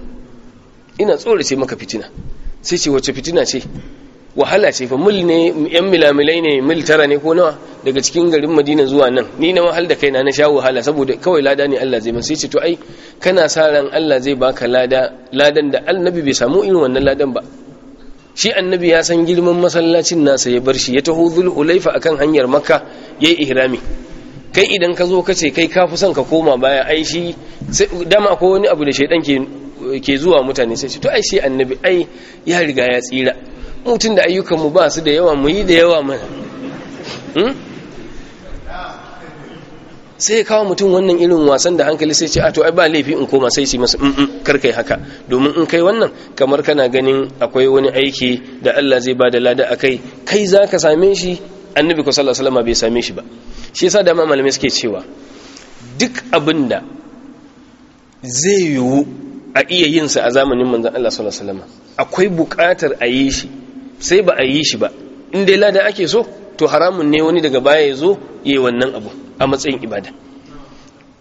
ina tsorace maka fitina sai ce wace fitina ce wahala ce fa mil ne yan milamilai ne mil tara ne ko nawa daga cikin garin madina zuwa nan ni na wahal da kaina na sha wahala saboda kawai lada ne Allah zai man sai ce to ai kana sa ran Allah zai baka lada ladan da annabi bai samu irin wannan ladan ba shi annabi ya san girman masallacin nasa ya bar shi ya taho zulhulaifa akan hanyar makka ya yi ihrami kai idan ka zo ka ce kai ka fi son ka koma baya ai shi dama ko wani abu da shaidan ke zuwa mutane sai shi to ai shi annabi ai ya riga ya tsira mutum da ayyukanmu mu ba su da yawa mu yi da yawa mana hmm? sai ya kawo mutum wannan irin wasan da hankali sai ce a to ai ba laifi in koma sai ce masa in kar kai haka domin in kai wannan kamar kana ganin akwai wani aiki da Allah zai ba da lada akai kai zaka same shi annabi ko sallallahu alaihi wasallam bai same shi ba shi yasa da malamai suke cewa duk abinda zai yiwu a iya yin sa a zamanin manzon Allah sallallahu alaihi wasallam akwai bukatar a yi shi sai ba a yi shi ba in dai lada ake so to haramun ne wani daga baya ya zo ya yi wannan abu a matsayin ibada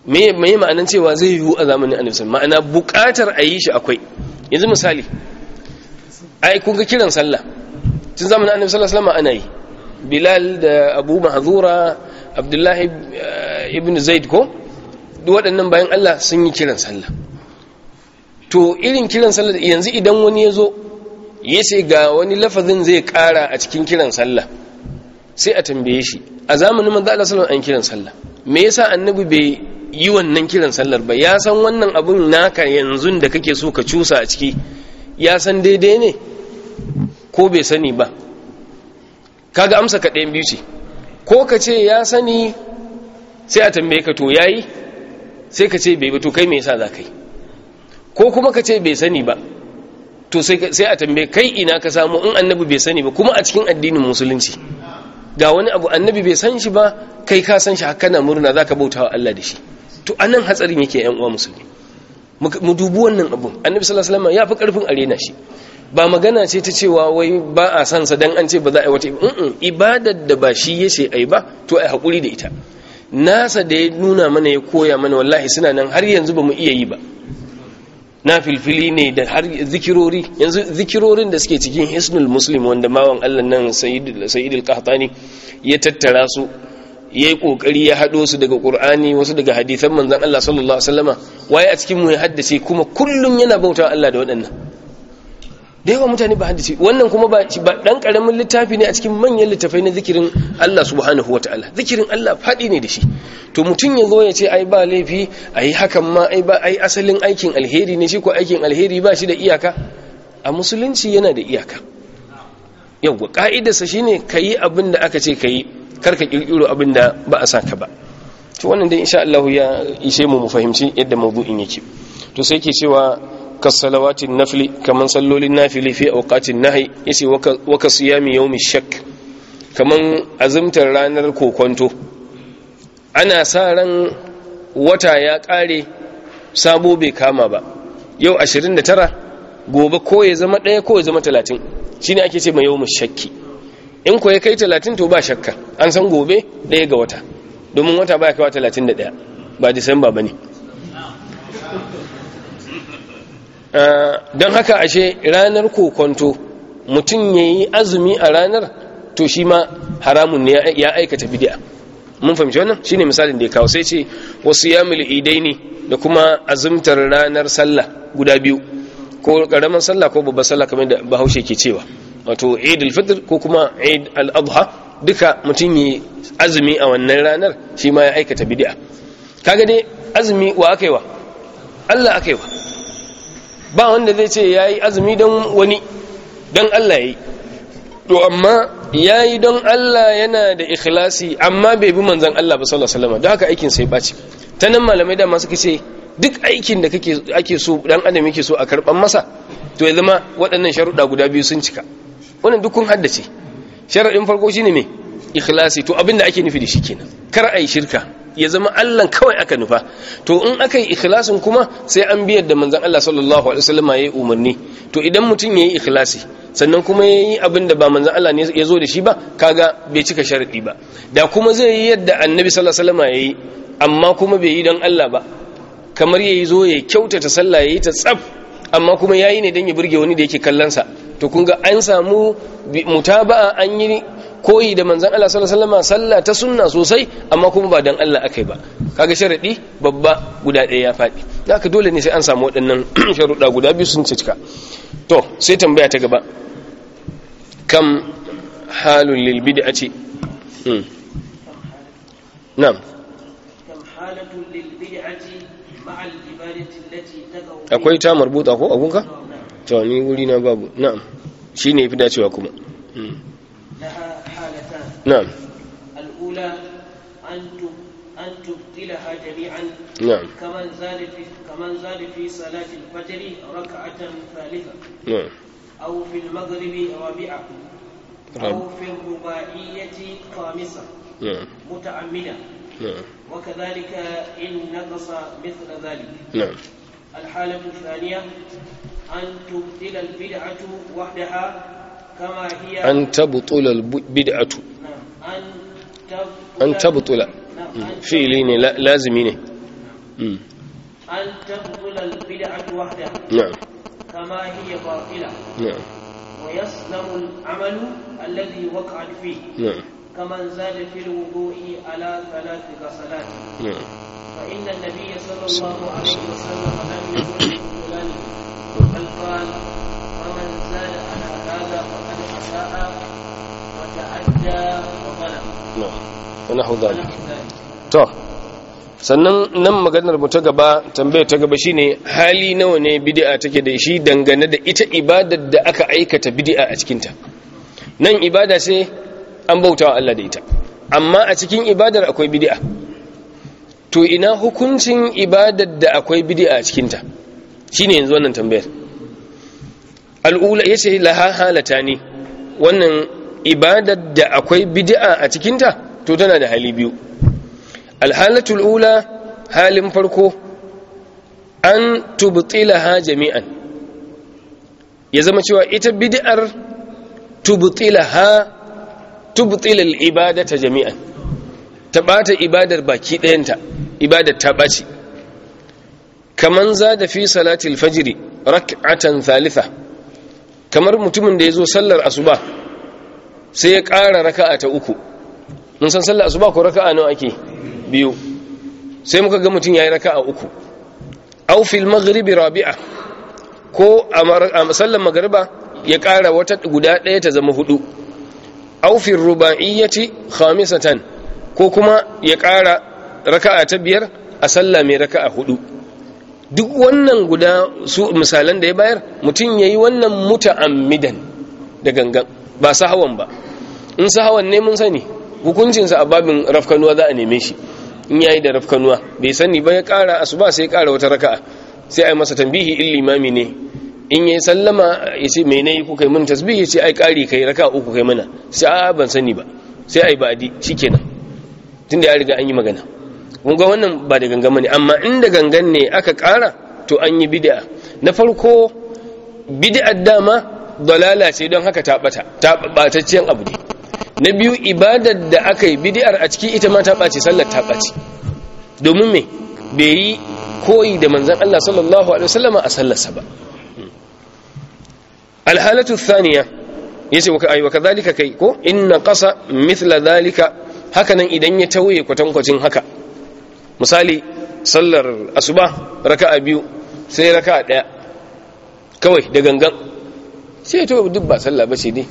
me ma'anan cewa zai yiwu a zamanin annabi ma'ana buƙatar a yi shi akwai yanzu misali ai kun ga kiran sallah tun zamanin annabi sallallahu alaihi wasallam ana yi bilal da abu mahzura abdullahi eh, ibn zaid ko waɗannan bayan Allah sun yi kiran sallah to irin kiran sallah yanzu idan wani ya zo ya ce ga wani lafazin zai ƙara a cikin kiran sallah sai a tambaye shi a zamanin manzo Allah sallallahu alaihi an kiran sallah me yasa annabi bai yi wannan kiran sallar ba ya san wannan abun naka yanzu da kake so ka cusa a ciki ya san daidai ne ko bai sani ba kaga amsa ka ɗayan biyu ce ko ka ce ya sani sai a tambaye ka to yayi sai ka ce bai ba to kai me yasa za ka yi ko kuma ka ce bai sani ba to sai a tambaye kai ina ka samu in annabi bai sani ba kuma a cikin addinin musulunci ga wani abu annabi bai san shi ba kai ka san shi haka na murna za ka bauta wa Allah da shi to anan hatsarin yake yan uwa musulmi mu dubi wannan abun annabi sallallahu alaihi wasallam ya fi karfin arena shi ba magana ce ta cewa wai ba a san sa dan an ce ba za a yi wata ibadar da ba shi yace ai ba to ai hakuri da ita nasa da ya nuna mana ya koya mana wallahi suna nan har yanzu ba mu iya yi ba na filfili ne da har zikirori yanzu zikirorin da suke cikin hisnul muslim wanda mawan allah nan sayidul qahtani ya tattara su ya yi ƙoƙari ya haɗo su daga ƙur'ani wasu daga hadisan manzan allah sallallahu alaihi wasallama waye a cikin mu ya haddace kuma kullum yana bauta allah da waɗannan da yawa mutane ba hadisi wannan kuma ba dan karamin littafi ne a cikin manyan littafai na zikirin Allah subhanahu wataala zikirin Allah fadi ne da shi to mutum ya zo ya ce ai ba laifi ai hakan ma ai ba ai asalin aikin alheri ne shi ko aikin alheri ba shi da iyaka a musulunci yana da iyaka yawwa ka'idarsa shine kayi abin da aka ce kar ka kirkiro abin da ba a saka ba to wannan dai insha Allah ya ishe mu mu fahimci yadda mawdu'in yake to sai ke cewa kasalawatin nafli kaman sallolin nafili fi auqatin nahi yace waka siyami yawmi shak kaman azumtar ranar kokonto ana sa ran wata ya kare sabo bai kama ba yau 29 gobe ko ya zama ɗaya ko ya zama 30 shine ake ce mai yawmi shakki in ko ya kai 30 to ba shakka an san gobe ɗaya ga wata domin wata baya kaiwa 31 ba disamba bane Eh, don haka ashe ranar kokonto mutum ya yi azumi a ranar to shi ma haramun ne ya aikata bidi'a mun fahimci wannan shi ne misalin da ya kawo sai ce wasu ya idai ne da kuma azumtar ranar sallah guda biyu ko karamin sallah ko babbar sallah kamar da bahaushe ke cewa wato eid al-fitr ko kuma eid al-adha duka mutum yi azumi a wannan ranar shi ma ya aikata bidiya kaga dai azumi wa aka yi wa Allah aka yi wa ba wanda zai ce ya yi azumi don wani don Allah ya yi to amma ya yi don Allah yana da ikhlasi amma bai bi manzan Allah ba sallallahu alaihi wasallam don haka aikin sai baci ta nan malamai dama suka ce duk aikin da kake ake so dan adam yake so a karban masa to ya zama waɗannan sharuɗa guda biyu sun cika wannan duk kun haddace sharaɗin farko shine me ikhlasi to abin da ake nufi da shi kenan kar ai shirka ya zama Allah kawai aka nufa to in aka yi ikhlasin kuma sai an biyar da manzan Allah sallallahu alaihi wasallam yayi umarni to idan mutum yayi ikhlasi sannan kuma yayi abin da ba manzon Allah ne ya zo da shi ba kaga bai cika sharadi ba da kuma zai yi yadda annabi sallallahu alaihi wasallam yayi amma kuma bai yi don Allah ba kamar yayi zo ya kyautata sallah yayi ta tsaf amma kuma yayi ne dan ya burge wani da yake kallon sa to kun ga an samu mutaba'a an yi koyi da manzon Allah sallallahu alaihi wasallam sallah ta sunna sosai amma kuma ba dan Allah akai ba kaga sharadi babba guda ɗaya ya faɗi haka dole ne sai an samu waɗannan (clears throat) sharuɗa guda biyu sun cika to sai tambaya ta gaba kam halul lil bid'ati hmm. na'am kam halatul lil bid'ati ma'al ibadati allati taqaw akwai ta marbuta ko abunka to ni wuri na babu na'am shine fi dacewa kuma hmm. نعم الأولى أن أن تبطلها جميعا نعم كمن زاد في كمن زاد في صلاة الفجر ركعة ثالثة نعم أو في المغرب رابعة نعم. أو في الرباعية خامسة نعم متعمدا نعم وكذلك إن نقص مثل ذلك نعم الحالة الثانية أن تبطل البدعة وحدها كما هي أن تبطل البدعة أن تبطل في لين لازم ne أن تبطل البدعة وحدها نعم كما هي باطلة نعم ويسلم العمل الذي وقعت فيه نعم كمن زاد في الوضوء على ثلاث غسلات نعم فإن النبي صلى الله عليه وسلم لم يقل بل قال فمن زاد على هذا فقد أساء ونحو ذلك تو sannan nan maganar mu ta gaba tambayar ta gaba shine hali nawa ne bid'a take da shi dangane da ita ibadar da aka aikata bid'a a cikin ta nan ibada sai an bautawa Allah da ita amma a cikin ibadar akwai bid'a to ina hukuncin ibadar da akwai bid'a a cikin ta shine yanzu wannan tambayar al'ula yace laha halatani wannan ibadar da akwai bid'a a cikinta to tana da hali biyu alhalatul ula halin farko an tubtilaha jami'an ya zama cewa ita bid'ar tubtilaha tubtilal ibadata jami'an ta bata ibadar baki ɗayanta ibadar ta ɓaci kaman zada fi salatil fajiri rak'atan thalitha kamar mutumin da ya zo sallar asuba sai ya ƙara raka'a ta uku mun san sallah asuba ko raka'a nawa ake biyu sai muka ga mutum yayi raka'a uku aw fil maghribi rabi'a ko a sallar magriba ya ƙara wata guda ɗaya ta zama hudu aw fil ruba'iyyati khamisatan ko kuma ya ƙara raka'a ta biyar a sallah mai raka'a hudu duk wannan guda su misalan da ya bayar mutum yayi wannan muta'ammidan da gangan ba sahawan ba in hawan ne mun sani hukuncinsa a babin rafkanuwa za a neme shi in yayi da rafkanuwa bai sani ba ya kara asuba sai ya kara wata raka'a sai ai masa tambihi in limami ne in yayi sallama ya ce me nayi kuka yi mun tasbihi ya ce ai kari kai raka'a uku kai mana sai a ban sani ba sai ai ba'di shikenan tunda ya riga an yi magana mun ga wannan ba da gangan ne amma in da gangan ne aka kara to an yi bid'a na farko bidi'ar dama dalala ce don haka ta bata ta abu ne na biyu ibadar da aka yi bidiyar a ciki ita ma ta ɓace sallar ta ɓace domin me bai yi koyi da manzan Allah sallallahu alaihi wasallama a sallarsa ba alhalatu thaniya yace wa kai wa kadhalika kai ko inna qasa mithla dhalika nan idan ya tauye kwatankwacin haka misali sallar asuba raka'a biyu sai raka'a ɗaya kawai da gangan sai to duk ba sallah ce ne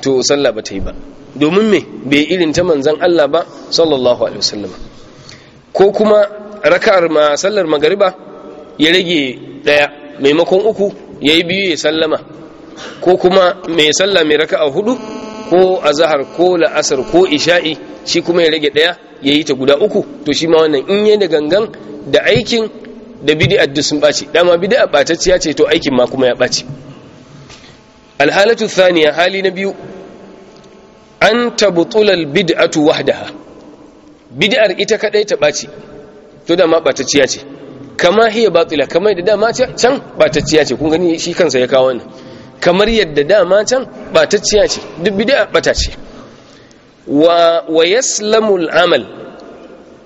to sallah ba ta yi ba domin me bai irin ta manzan Allah ba sallallahu alaihi wasallam ko kuma raka'ar ma sallar magariba ya rage daya maimakon uku yayi biyu ya sallama ko kuma mai sallah mai raka'a hudu ko azhar ko la'asar ko isha'i shi kuma ya rage daya yayi ta guda uku to shi ma wannan in yayi da gangan da aikin da bid'a duk sun baci dama bid'a batacciya ce to aikin ma kuma ya baci alhalatu thaniya hali na biyu an tabutulal bid'atu wahdaha bid'ar ita kadai ta baci to dama batacciya ce kama hiya batila kamar da dama can batacciya ce kun gani shi kansa ya kawo wannan kamar yadda dama can batacciya ce duk bid'a bata ce wa wa yaslamul amal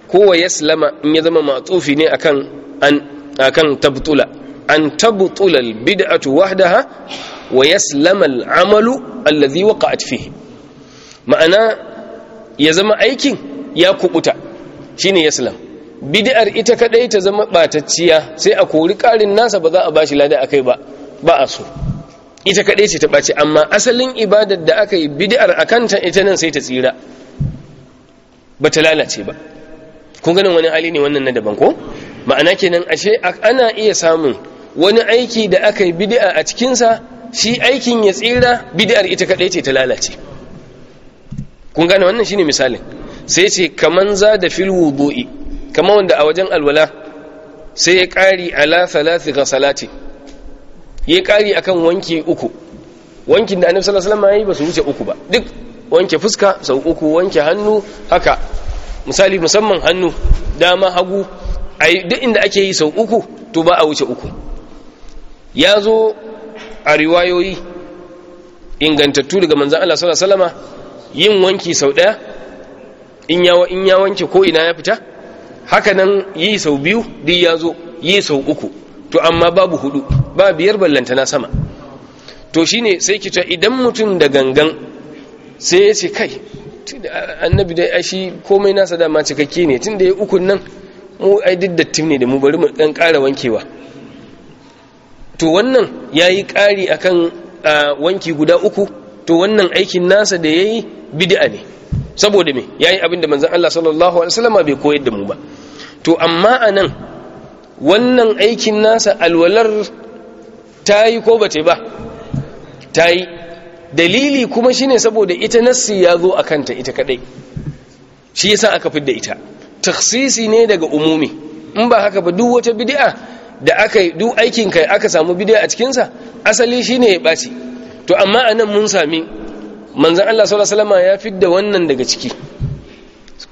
ko wa yaslama in ya zama matsufi ne akan an akan tabtula an tabtula bid'atu wahdaha wa amalu al'amalu allazi waqa'at fihi ma'ana ya zama aikin ya kubuta shine yaslam bid'ar ita kadai ta zama batacciya sai a kori karin nasa ba za a bashi lada akai ba ba a so ita kadai ce ta ɓaci amma asalin ibadar da aka yi bid'ar akanta ita nan sai ta tsira ba ta lalace ba kun ganin wani hali ne wannan na daban ko ma'ana kenan ashe ana iya samun wani aiki da aka yi bid'a a cikinsa shi aikin ya tsira bid'ar ita kadai ce ta lalace kun gane wannan shine misalin sai ce kaman za da fil wudu'i kaman wanda a wajen alwala sai ya kari ala salati ga salati ya kari akan wanki uku wankin da annabi sallallahu alaihi wasallam ya ba su wuce uku ba duk wanke fuska sau uku wanke hannu haka misali musamman hannu dama hagu ai duk inda ake yi sau uku to ba a wuce uku ya zo a riwayoyi ingantattu daga manzan Allah sallallahu alaihi wasallama yin wanki sau daya in ya in ya wanke ko ina ya fita haka nan yi sau biyu duk ya zo yi sau uku to amma babu hudu ba biyar ballanta na sama to shine sai kita idan mutum da gangan sai ya ce kai annabi dai shi komai nasa dama cikakke ne tunda ya ukun nan mu ai duk ne da mu bari mu dan kara wankewa to wannan ya yi ƙari a kan wanki guda uku to wannan aikin nasa da ya yi bid'a ne saboda me ya yi abin manzan Allah sallallahu alaihi wasallama bai koyar da mu ba to amma a nan wannan aikin nasa alwalar ta yi ko ba ta ba ta yi dalili kuma shi ne saboda ita nassi ya zo a kanta ita kadai shi yasa aka fidda ita taksisi ne daga umumi in ba haka ba duk wata bidi'a? da aka duk aikin kai aka samu bidiya a cikinsa asali shi ne ya ɓaci to amma a nan mun sami manzan Allah sallallahu alaihi wasallam ya fidda wannan daga ciki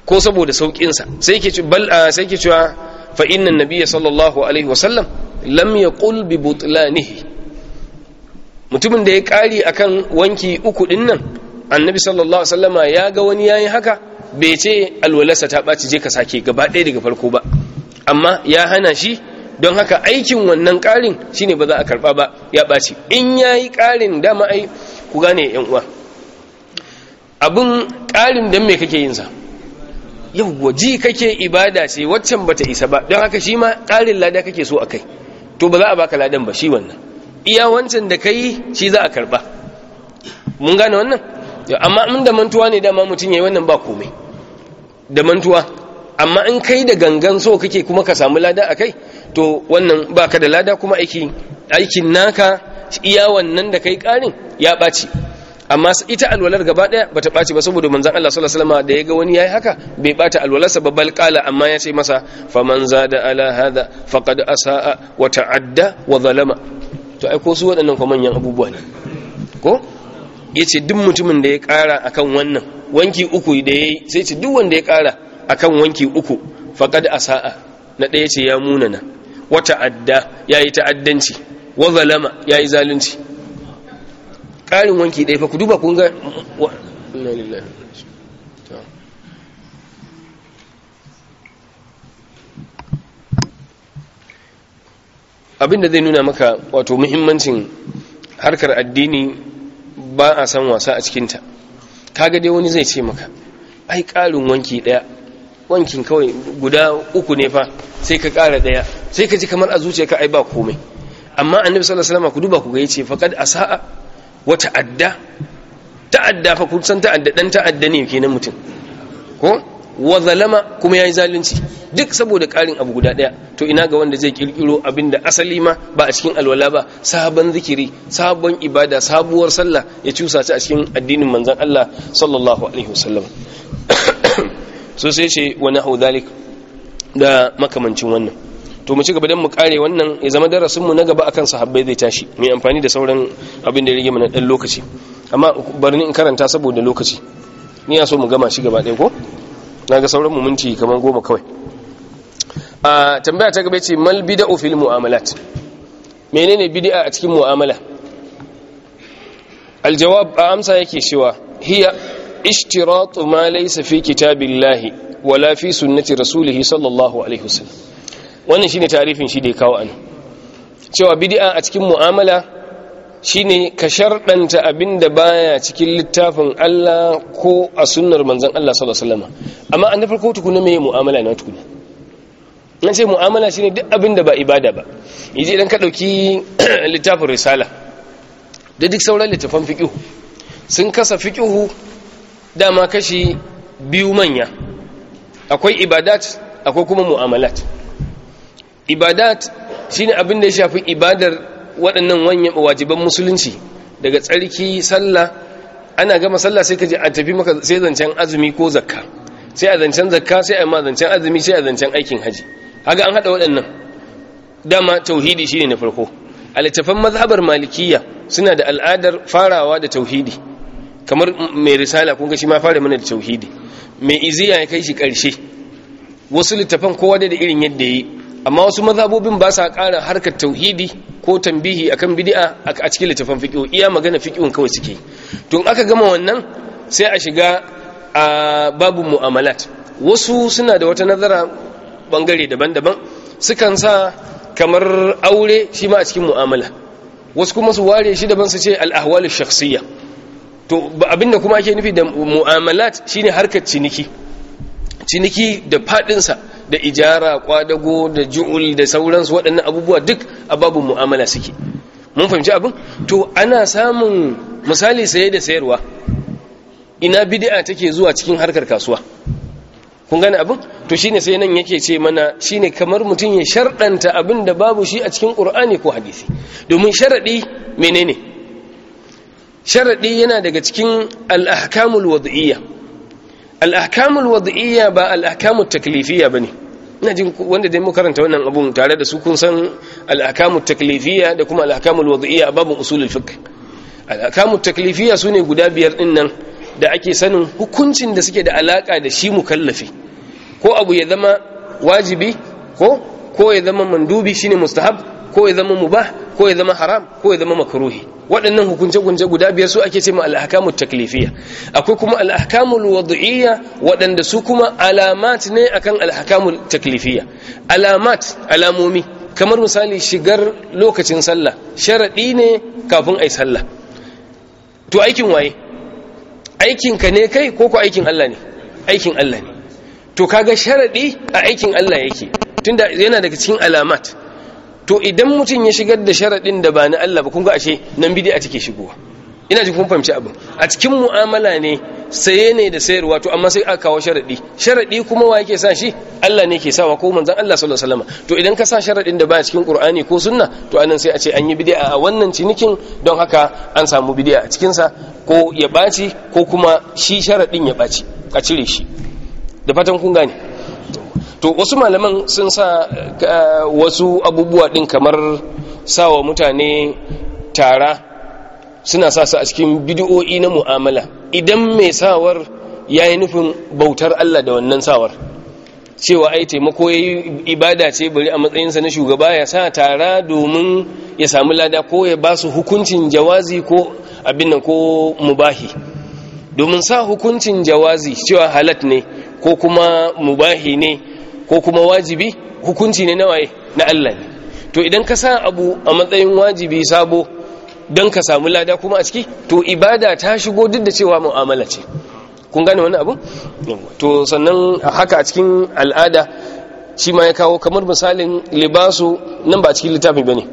ko saboda sauƙinsa. sai ke bal ah, sai ke cewa fa inna sallallahu alaihi wasallam lam yaqul bi butlanihi mutumin da ya kari akan wanki uku din nan annabi sallallahu alaihi wasallama ya ga wani yayin haka bai ce alwalarsa ta ɓaci je ka sake gaba ɗaya daga farko ba amma ya hana shi don haka aikin wannan ƙarin ne ba za a karɓa ba ya ɓaci in ya yi ƙarin dama ma'ai ku gane yan uwa abin ƙarin don me kake yinsa yawwa ji kake ibada ce waccan ba ta isa ba don haka shi ma ƙarin lada kake so a kai to ba za a baka ladan ba shi wannan iya wancan da kai shi za a karɓa mun gane wannan amma in da mantuwa ne dama mutum ya yi wannan ba komai da mantuwa amma in kai da gangan so kake kuma ka samu lada a kai to wannan baka da lada kuma aiki aikin naka iya wannan da kai karin ya ɓaci amma ita alwalar gaba daya bata ɓaci ba saboda manzon Allah sallallahu alaihi wasallam da yaga wani yayi haka bai bata alwalarsa ba bal qala amma ya ce masa faman zada ala hada faqad asaa wa ta'adda wa zalama to ai ko su waɗannan kuma manyan abubuwa ne ko yace duk mutumin da ya ƙara akan wannan wanki uku da yayi sai ce duk wanda ya ƙara akan wanki uku faqad asaa na ɗaya ce ya munana wata adda yayi ta'addanci wa zalama yayi zalunci ƙarin wanki ɗaya fa ku duba kun ga abinda zai nuna maka wato muhimmancin harkar addini ba a san wasa a cikinta kaga dai wani zai ce maka ai ƙarin wanki ɗaya wankin kawai guda uku ne fa sai ka kara ɗaya sai ka ji kamar a zuciya ka ai ba komai amma annabi sallallahu alaihi wasallam ku duba ku ga yace faqad asaa wa ta'adda ta'adda fa kun san ta'adda dan ta'adda ne kenan mutum ko wa zalama kuma yayi zalunci duk saboda karin abu guda ɗaya to ina ga wanda zai kirkiro abinda asali ma ba a cikin alwala ba sabon zikiri sabon ibada sabuwar sallah ya cusa ta a cikin addinin manzon Allah sallallahu alaihi wasallam (coughs) so sai ce wani hau zalik da makamancin wannan to mu ci gaba don mu kare wannan ya zama darasinmu na gaba akan sahabbai zai tashi mai amfani da sauran abin da ya rage mana ɗan lokaci amma bari in karanta saboda lokaci ni ya so mu gama shi gaba ɗaya ko na ga sauran mu minti kamar goma kawai a tambaya ta gaba ce mal bida'u fil mu'amalat menene bidi'a a cikin mu'amala aljawab a amsa yake cewa hiya ishtiratu ma laysa fi kitabillahi wala fi sunnati rasulihi sallallahu alaihi wasallam wannan shine tarifin shi da ya kawo anan cewa bid'a a cikin mu'amala shine ka sharɗanta abinda baya cikin littafin Allah ko a sunnar manzon Allah sallallahu alaihi wasallam amma an farko tukuna me mu'amala na tukuna an ce mu'amala shine duk abinda ba ibada ba yaje idan ka dauki (clears throat) littafin risala da duk sauran littafan fiqh sun kasa fiqh dama kashi biyu manya akwai ibadat akwai kuma mu'amalat ibadat shine abin da ya shafi ibadar waɗannan wajiban musulunci daga tsarki sallah ana gama sallah sai ka je a tafi maka sai zancen azumi ko zakka sai a zancen zakka sai a yi zancen azumi sai a zancen aikin haji haka an haɗa waɗannan dama tauhidi shine na farko a littafan mazhabar malikiya suna da al'adar farawa da tauhidi kamar mai risala kun ga shi ma fara mana da tauhidi mai iziya ya kai shi karshe wasu littafan kowa da irin yadda yi amma wasu mazabobin ba sa ƙara harkar tauhidi ko tambihi akan bidi'a a cikin littafan fiqh iya magana fiqhun kawai suke Tun aka gama wannan sai a shiga a babu mu'amalat wasu suna da wata nazara bangare daban-daban sukan sa kamar aure shi ma a cikin mu'amala wasu kuma su ware shi daban su ce al-ahwalu shakhsiyya to abinda kuma ake nufi da mu'amalat shine harkar ciniki ciniki da fadinsa da ijara kwadago da ju'ul da sauransu waɗannan abubuwa duk a babu mu'amala suke mun fahimci abin to ana samun misali saye da sayarwa ina bid'a take zuwa cikin harkar kasuwa kun gane abin to shine sai nan yake ce mana shine kamar mutum ya sharɗanta abin da babu shi a cikin qur'ani ko hadisi domin sharadi menene sharaɗi yana daga cikin al'ahkamul wad'iyya alakamul wad'iyya ba al'ahkamul taklifiyya ba ne ina jin wanda dai karanta wannan abun tare da su kun san al'ahkamul taklifiyya da kuma alakamul wad'iyya babu usulul fiqh al'ahkamul taklifiyya su ne guda biyar ɗin nan da ake sanin hukuncin da suke da alaƙa da shi mukallafi ko abu ya zama wajibi ko ko ya zama mandubi shine mustahab ko ya zama mubah ko ya zama haram ko ya zama makruhi waɗannan hukunce-hukunce guda biyar su ake ce ma al'ahkamu taklifiyya akwai kuma al'ahkamu wad'iyya waɗanda su kuma alamat ne akan al'ahkamu taklifiyya alamat alamomi kamar misali shigar lokacin sallah sharaɗi ne kafin ai sallah to aikin waye aikin ka ne kai ko ko aikin Allah ne aikin Allah ne to kaga sharaɗi a aikin Allah yake tunda yana daga cikin alamat to idan mutum ya shigar da sharaɗin da ba na Allah ba kun ga ashe nan bidi a cike shigowa ina ji kun fahimci abin a cikin mu'amala ne saye ne da sayarwa to amma sai aka kawo sharaɗi sharaɗi kuma wa yake sa shi Allah ne ke sawa ko manzon Allah sallallahu alaihi wasallam to idan ka sa sharaɗin da ba cikin Qur'ani ko sunna to anan sai a ce an yi bid'a a wannan cinikin don haka an samu bid'a a cikin sa ko ya baci ko kuma shi sharaɗin ya baci a cire shi da fatan kun gane to wasu malaman sun sa eh, wasu abubuwa din kamar sawa mutane tara suna sa su a cikin bidiyo'i na mu'amala idan mai sawar ya yi nufin bautar Allah da wannan sawar cewa ai taimako ya yi ibada ce bari a matsayinsa na shugaba ya sa tara domin ya samu lada ko ya ba su hukuncin jawazi ko abin nan ko mubahi domin sa hukuncin jawazi cewa halat ne ko kuma mubahi ne ko kuma wajibi hukunci ne na waye na Allah ne to idan ka sa abu a matsayin wajibi sabo don ka samu lada kuma a ciki to ibada ta shigo duk da cewa mu'amala ce kun gane wani abu to sannan haka a cikin al'ada shi ma ya kawo kamar misalin libasu nan ba a cikin littafi bane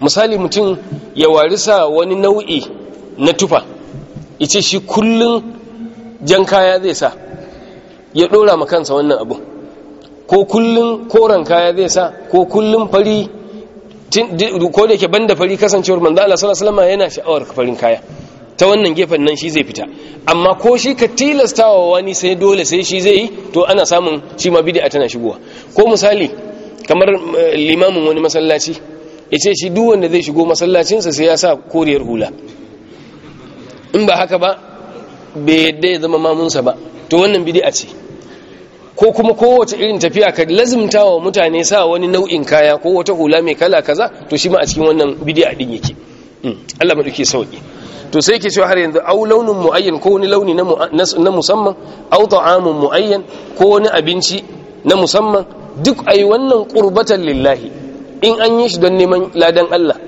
misali mutum ya wari sa wani nau'i na tufa ice shi kullum jan kaya zai sa ya dora ma kansa wannan abu ko kullum koren kaya zai sa ko kullum fari ko da ke banda fari kasancewar manzo Allah sallallahu alaihi wasallam yana sha'awar farin kaya ta wannan gefen nan shi zai fita amma ko shi ka tilastawa wani sai dole sai shi zai yi to ana samun shi ma bid'a tana shigowa ko misali kamar eh, limamin wani masallaci yace shi duk wanda zai shigo masallacinsa sai ya sa koriyar hula in ba haka ba bai yadda ya zama mamunsa ba to wannan bidi'a ce ko kuma kowace irin tafiya ka lazimta wa mutane sa wani nau'in kaya ko wata hula mai kala kaza to shi ma a cikin wannan bid'a din yake hmm. Allah ma duke sauki to sai ke cewa har yanzu au launin muayyan ko wani launi na musamman au ta'amun muayyan ko wani abinci na musamman duk ayi wannan qurbatan lillahi in an yi shi don neman ladan Allah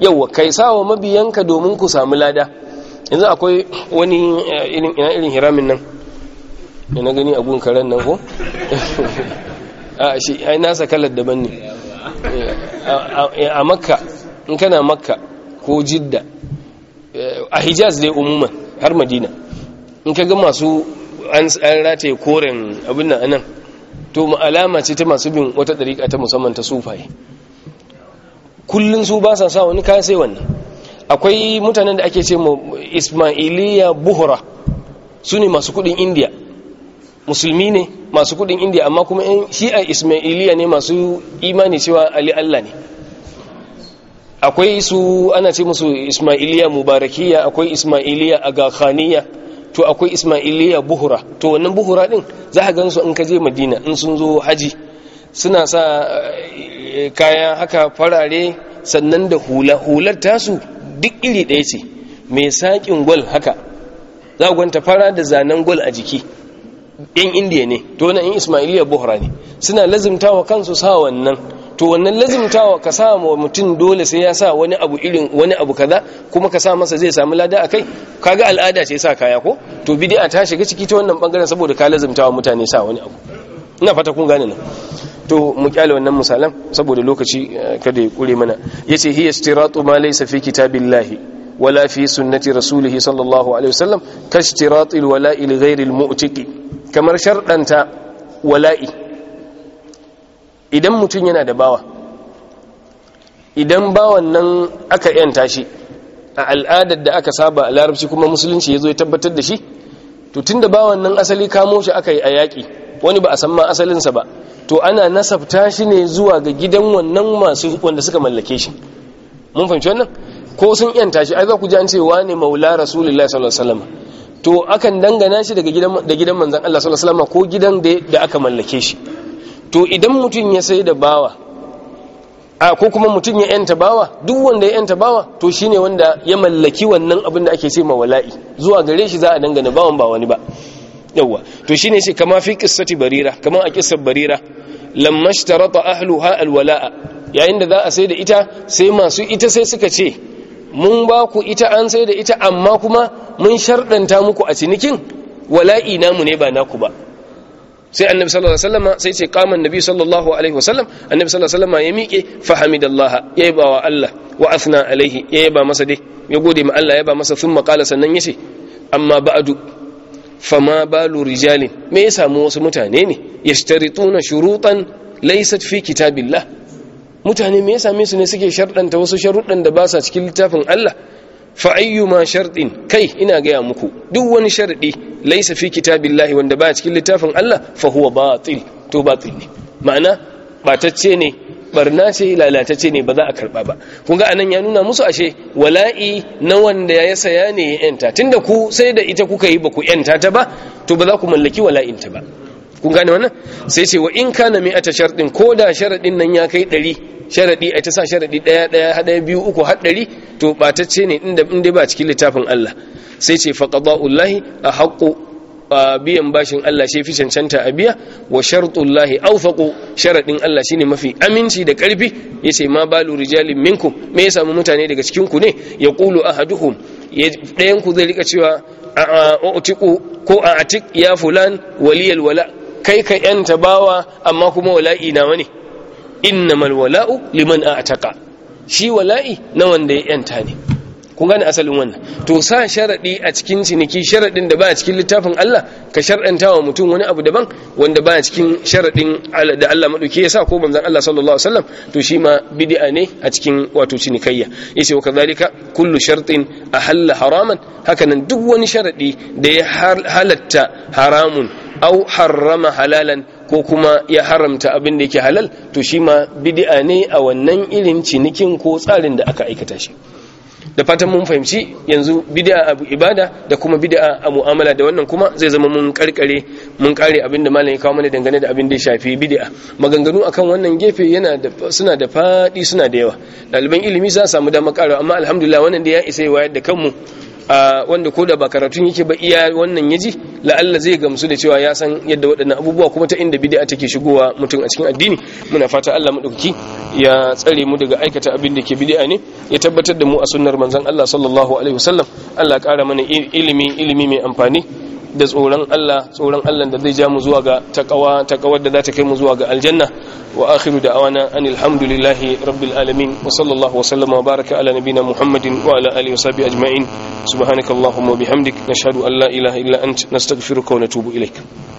yawwa kai sawa mabiyanka domin ku samu lada yanzu akwai wani eh, ina irin hiramin nan da na gani a gun karen nan ko a (laughs) ah, shi ai nasa kalar daban ne eh, a makka in kana makka ko jidda eh, a hijaz dai umuman har madina in ka ga masu an rataye koren abin nan anan to alama ce ta masu bin wata ɗariƙa ta musamman ta sufaye kullum su ba sa sa wani kayan sai wannan akwai mutanen da ake ce mu ismailiya buhura su ne masu kudin indiya musulmi ne masu kudin indiya amma kuma yan shi'a ismailiya ne masu imani cewa ali allah ne akwai su ana ce musu ismailiya mubarakiya akwai ismailiya agakhaniya to akwai ismailiya buhura to wannan buhura din za ka gansu in ka je madina in sun zo haji suna sa eh, kaya haka farare sannan da hula hular tasu duk iri ɗaya ce mai saƙin gwal haka za a gwanta fara da zanen gwal a jiki yan indiya ne to wani yan ismailiya buhra ne suna lazimtawa kansu sa wannan to wannan lazimtawa ka sa wa mutum dole sai ya sa wani abu irin wani abu kaza kuma ka sa masa zai sami lada a kai kaga al'ada ce sa kaya ko to a ta shiga ciki ta wannan bangaren saboda ka lazimtawa mutane sa wani abu ina fata kun gane nan to mu kyale wannan misalan saboda lokaci eh, kada ya kure mana yace hiya istiratu ma laysa fi kitabillahi wala fi sunnati rasulihi sallallahu alaihi wasallam kashtirati alwala'i li ghairi almu'tiqi kamar shardanta wala'i idan mutun yana da bawa idan bawan nan aka yanta shi a al'adar da aka saba a larabci kuma musulunci ya zo ya tabbatar da shi to tun bawan nan asali kamo shi aka yi a yaƙi wani ba a san ma asalinsa ba to ana nasabta shi ne zuwa ga gidan wannan masu wanda suka mallake shi mun fahimci wannan ko sun yanta shi ai za ku ji an ce wani maula rasulullahi sallallahu alaihi wasallam to akan dangana shi daga gidan da gidan manzon Allah sallallahu alaihi wasallam ko gidan da aka mallake shi to idan mutum ya sai da bawa a ko kuma mutum ya yanta bawa duk wanda ya yanta bawa to shine wanda ya mallaki wannan abin da ake ce ma wala'i zuwa gare shi za a dangana bawan ba wani ba yawa to shine shi kama fi qissati barira kama a qissar barira lamma ishtarata ahluha alwala'a yayin da za a sai da ita sai masu ita sai suka ce mun ba ku ita an sai da ita amma kuma mun shardanta muku a cinikin wala'i namu ne ba naku ba sai annabi sallallahu alaihi wasallam sai ce qaman nabi sallallahu alaihi wasallam annabi sallallahu alaihi wasallam ya miƙe fa ya yaba wa Allah wa athna alaihi ya yaba masa dai ya gode ma Allah ya yaba masa thumma qala sannan yace amma ba'du fama balu rijalin me ya samu wasu mutane ne yashtarituna shurutan laysat fi kitabillah mutane me ya same su ne suke sharɗanta wasu sharuɗan da ba sa cikin littafin Allah fa ayyuma sharɗin kai ina gaya muku duk wani sharɗi laysa fi kitabillahi wanda ba cikin littafin Allah fa huwa batil to batil ne ma'ana batacce ne barna ce lalatacce ne ba za a karba ba kun ga anan ya nuna musu ashe wala'i na wanda ya saya ne ya yanta tunda ku sai da ita kuka yi ba ku yanta ta ba to ba za ku mallaki wala'in ta ba kun gane wannan sai ce wa in kana mai ata sharadin ko da sharaɗin nan ya kai ɗari sharaɗi a ta sa sharaɗi ɗaya ɗaya hada biyu uku har ɗari to ce ne inda in dai ba cikin littafin Allah sai ce faqada'ullahi a haƙƙo biyan bashin Allah shi fi cancanta a biya wa shartullahi aufaƙo sharaɗin Allah Shi ne mafi aminci da ƙarfi. Ya sai ma balu rijalin minku me ya samu mutane daga cikin ku ne yaqulu ahaduhum dayan ku zai rika cewa a'tiqu ko a'tiq ya fulan waliyal wala kai ka yanta bawa amma kuma wala'i nawa ne innamal wala'u liman ataka shi wala'i na wanda ya yanta ne kun gane asalin wannan to sa sharadi a cikin ciniki sharadin da ba a cikin littafin Allah ka sharadanta wa mutum wani abu daban wanda ba a cikin sharadin da Allah madauki ya sa ko banzan Allah sallallahu alaihi wasallam to shi ma bid'a ne a cikin wato cinikayya yace wa kadhalika kullu shartin ahalla haraman hakanan duk wani sharadi da ya halatta haramun au harrama halalan ko kuma ya haramta abin da yake halal to shi ma bid'a ne a wannan irin cinikin ko tsarin da aka aikata shi da fatan mun fahimci yanzu bid'a abu ibada da kuma bid'a a mu'amala da wannan kuma zai zama mun karkare mun kare abin da malamin kawo mana dangane da abin da ya shafi bid'a maganganu akan wannan gefe yana da suna da fadi suna da yawa ɗaliban ilimi za samu dama karawa amma alhamdulillah wannan da ya isa ya wayar da kanmu wanda ko da ba karatun yake ba iya wannan yaji la'alla zai gamsu da cewa ya san yadda waɗannan abubuwa kuma ta inda bid'a take shigowa mutum a cikin addini muna fata Allah dauki ya tsare mu daga aikata abin da ke bid'a ne ya tabbatar da mu a sunnar manzon Allah sallallahu alaihi wasallam Allah ƙara mana ilimi ilimi mai amfani da tsoron Allah tsoron Allah da zai ja mu zuwa ga takawa takawar da za ta kai mu zuwa ga aljanna wa akhiru da'wana anil hamdulillahi rabbil alamin wa sallallahu wa sallama wa baraka ala nabina muhammadin wa ala alihi wa sahbihi ajma'in subhanakallahumma wa bihamdik nashhadu an la ilaha illa ant nastaghfiruka wa natubu ilaik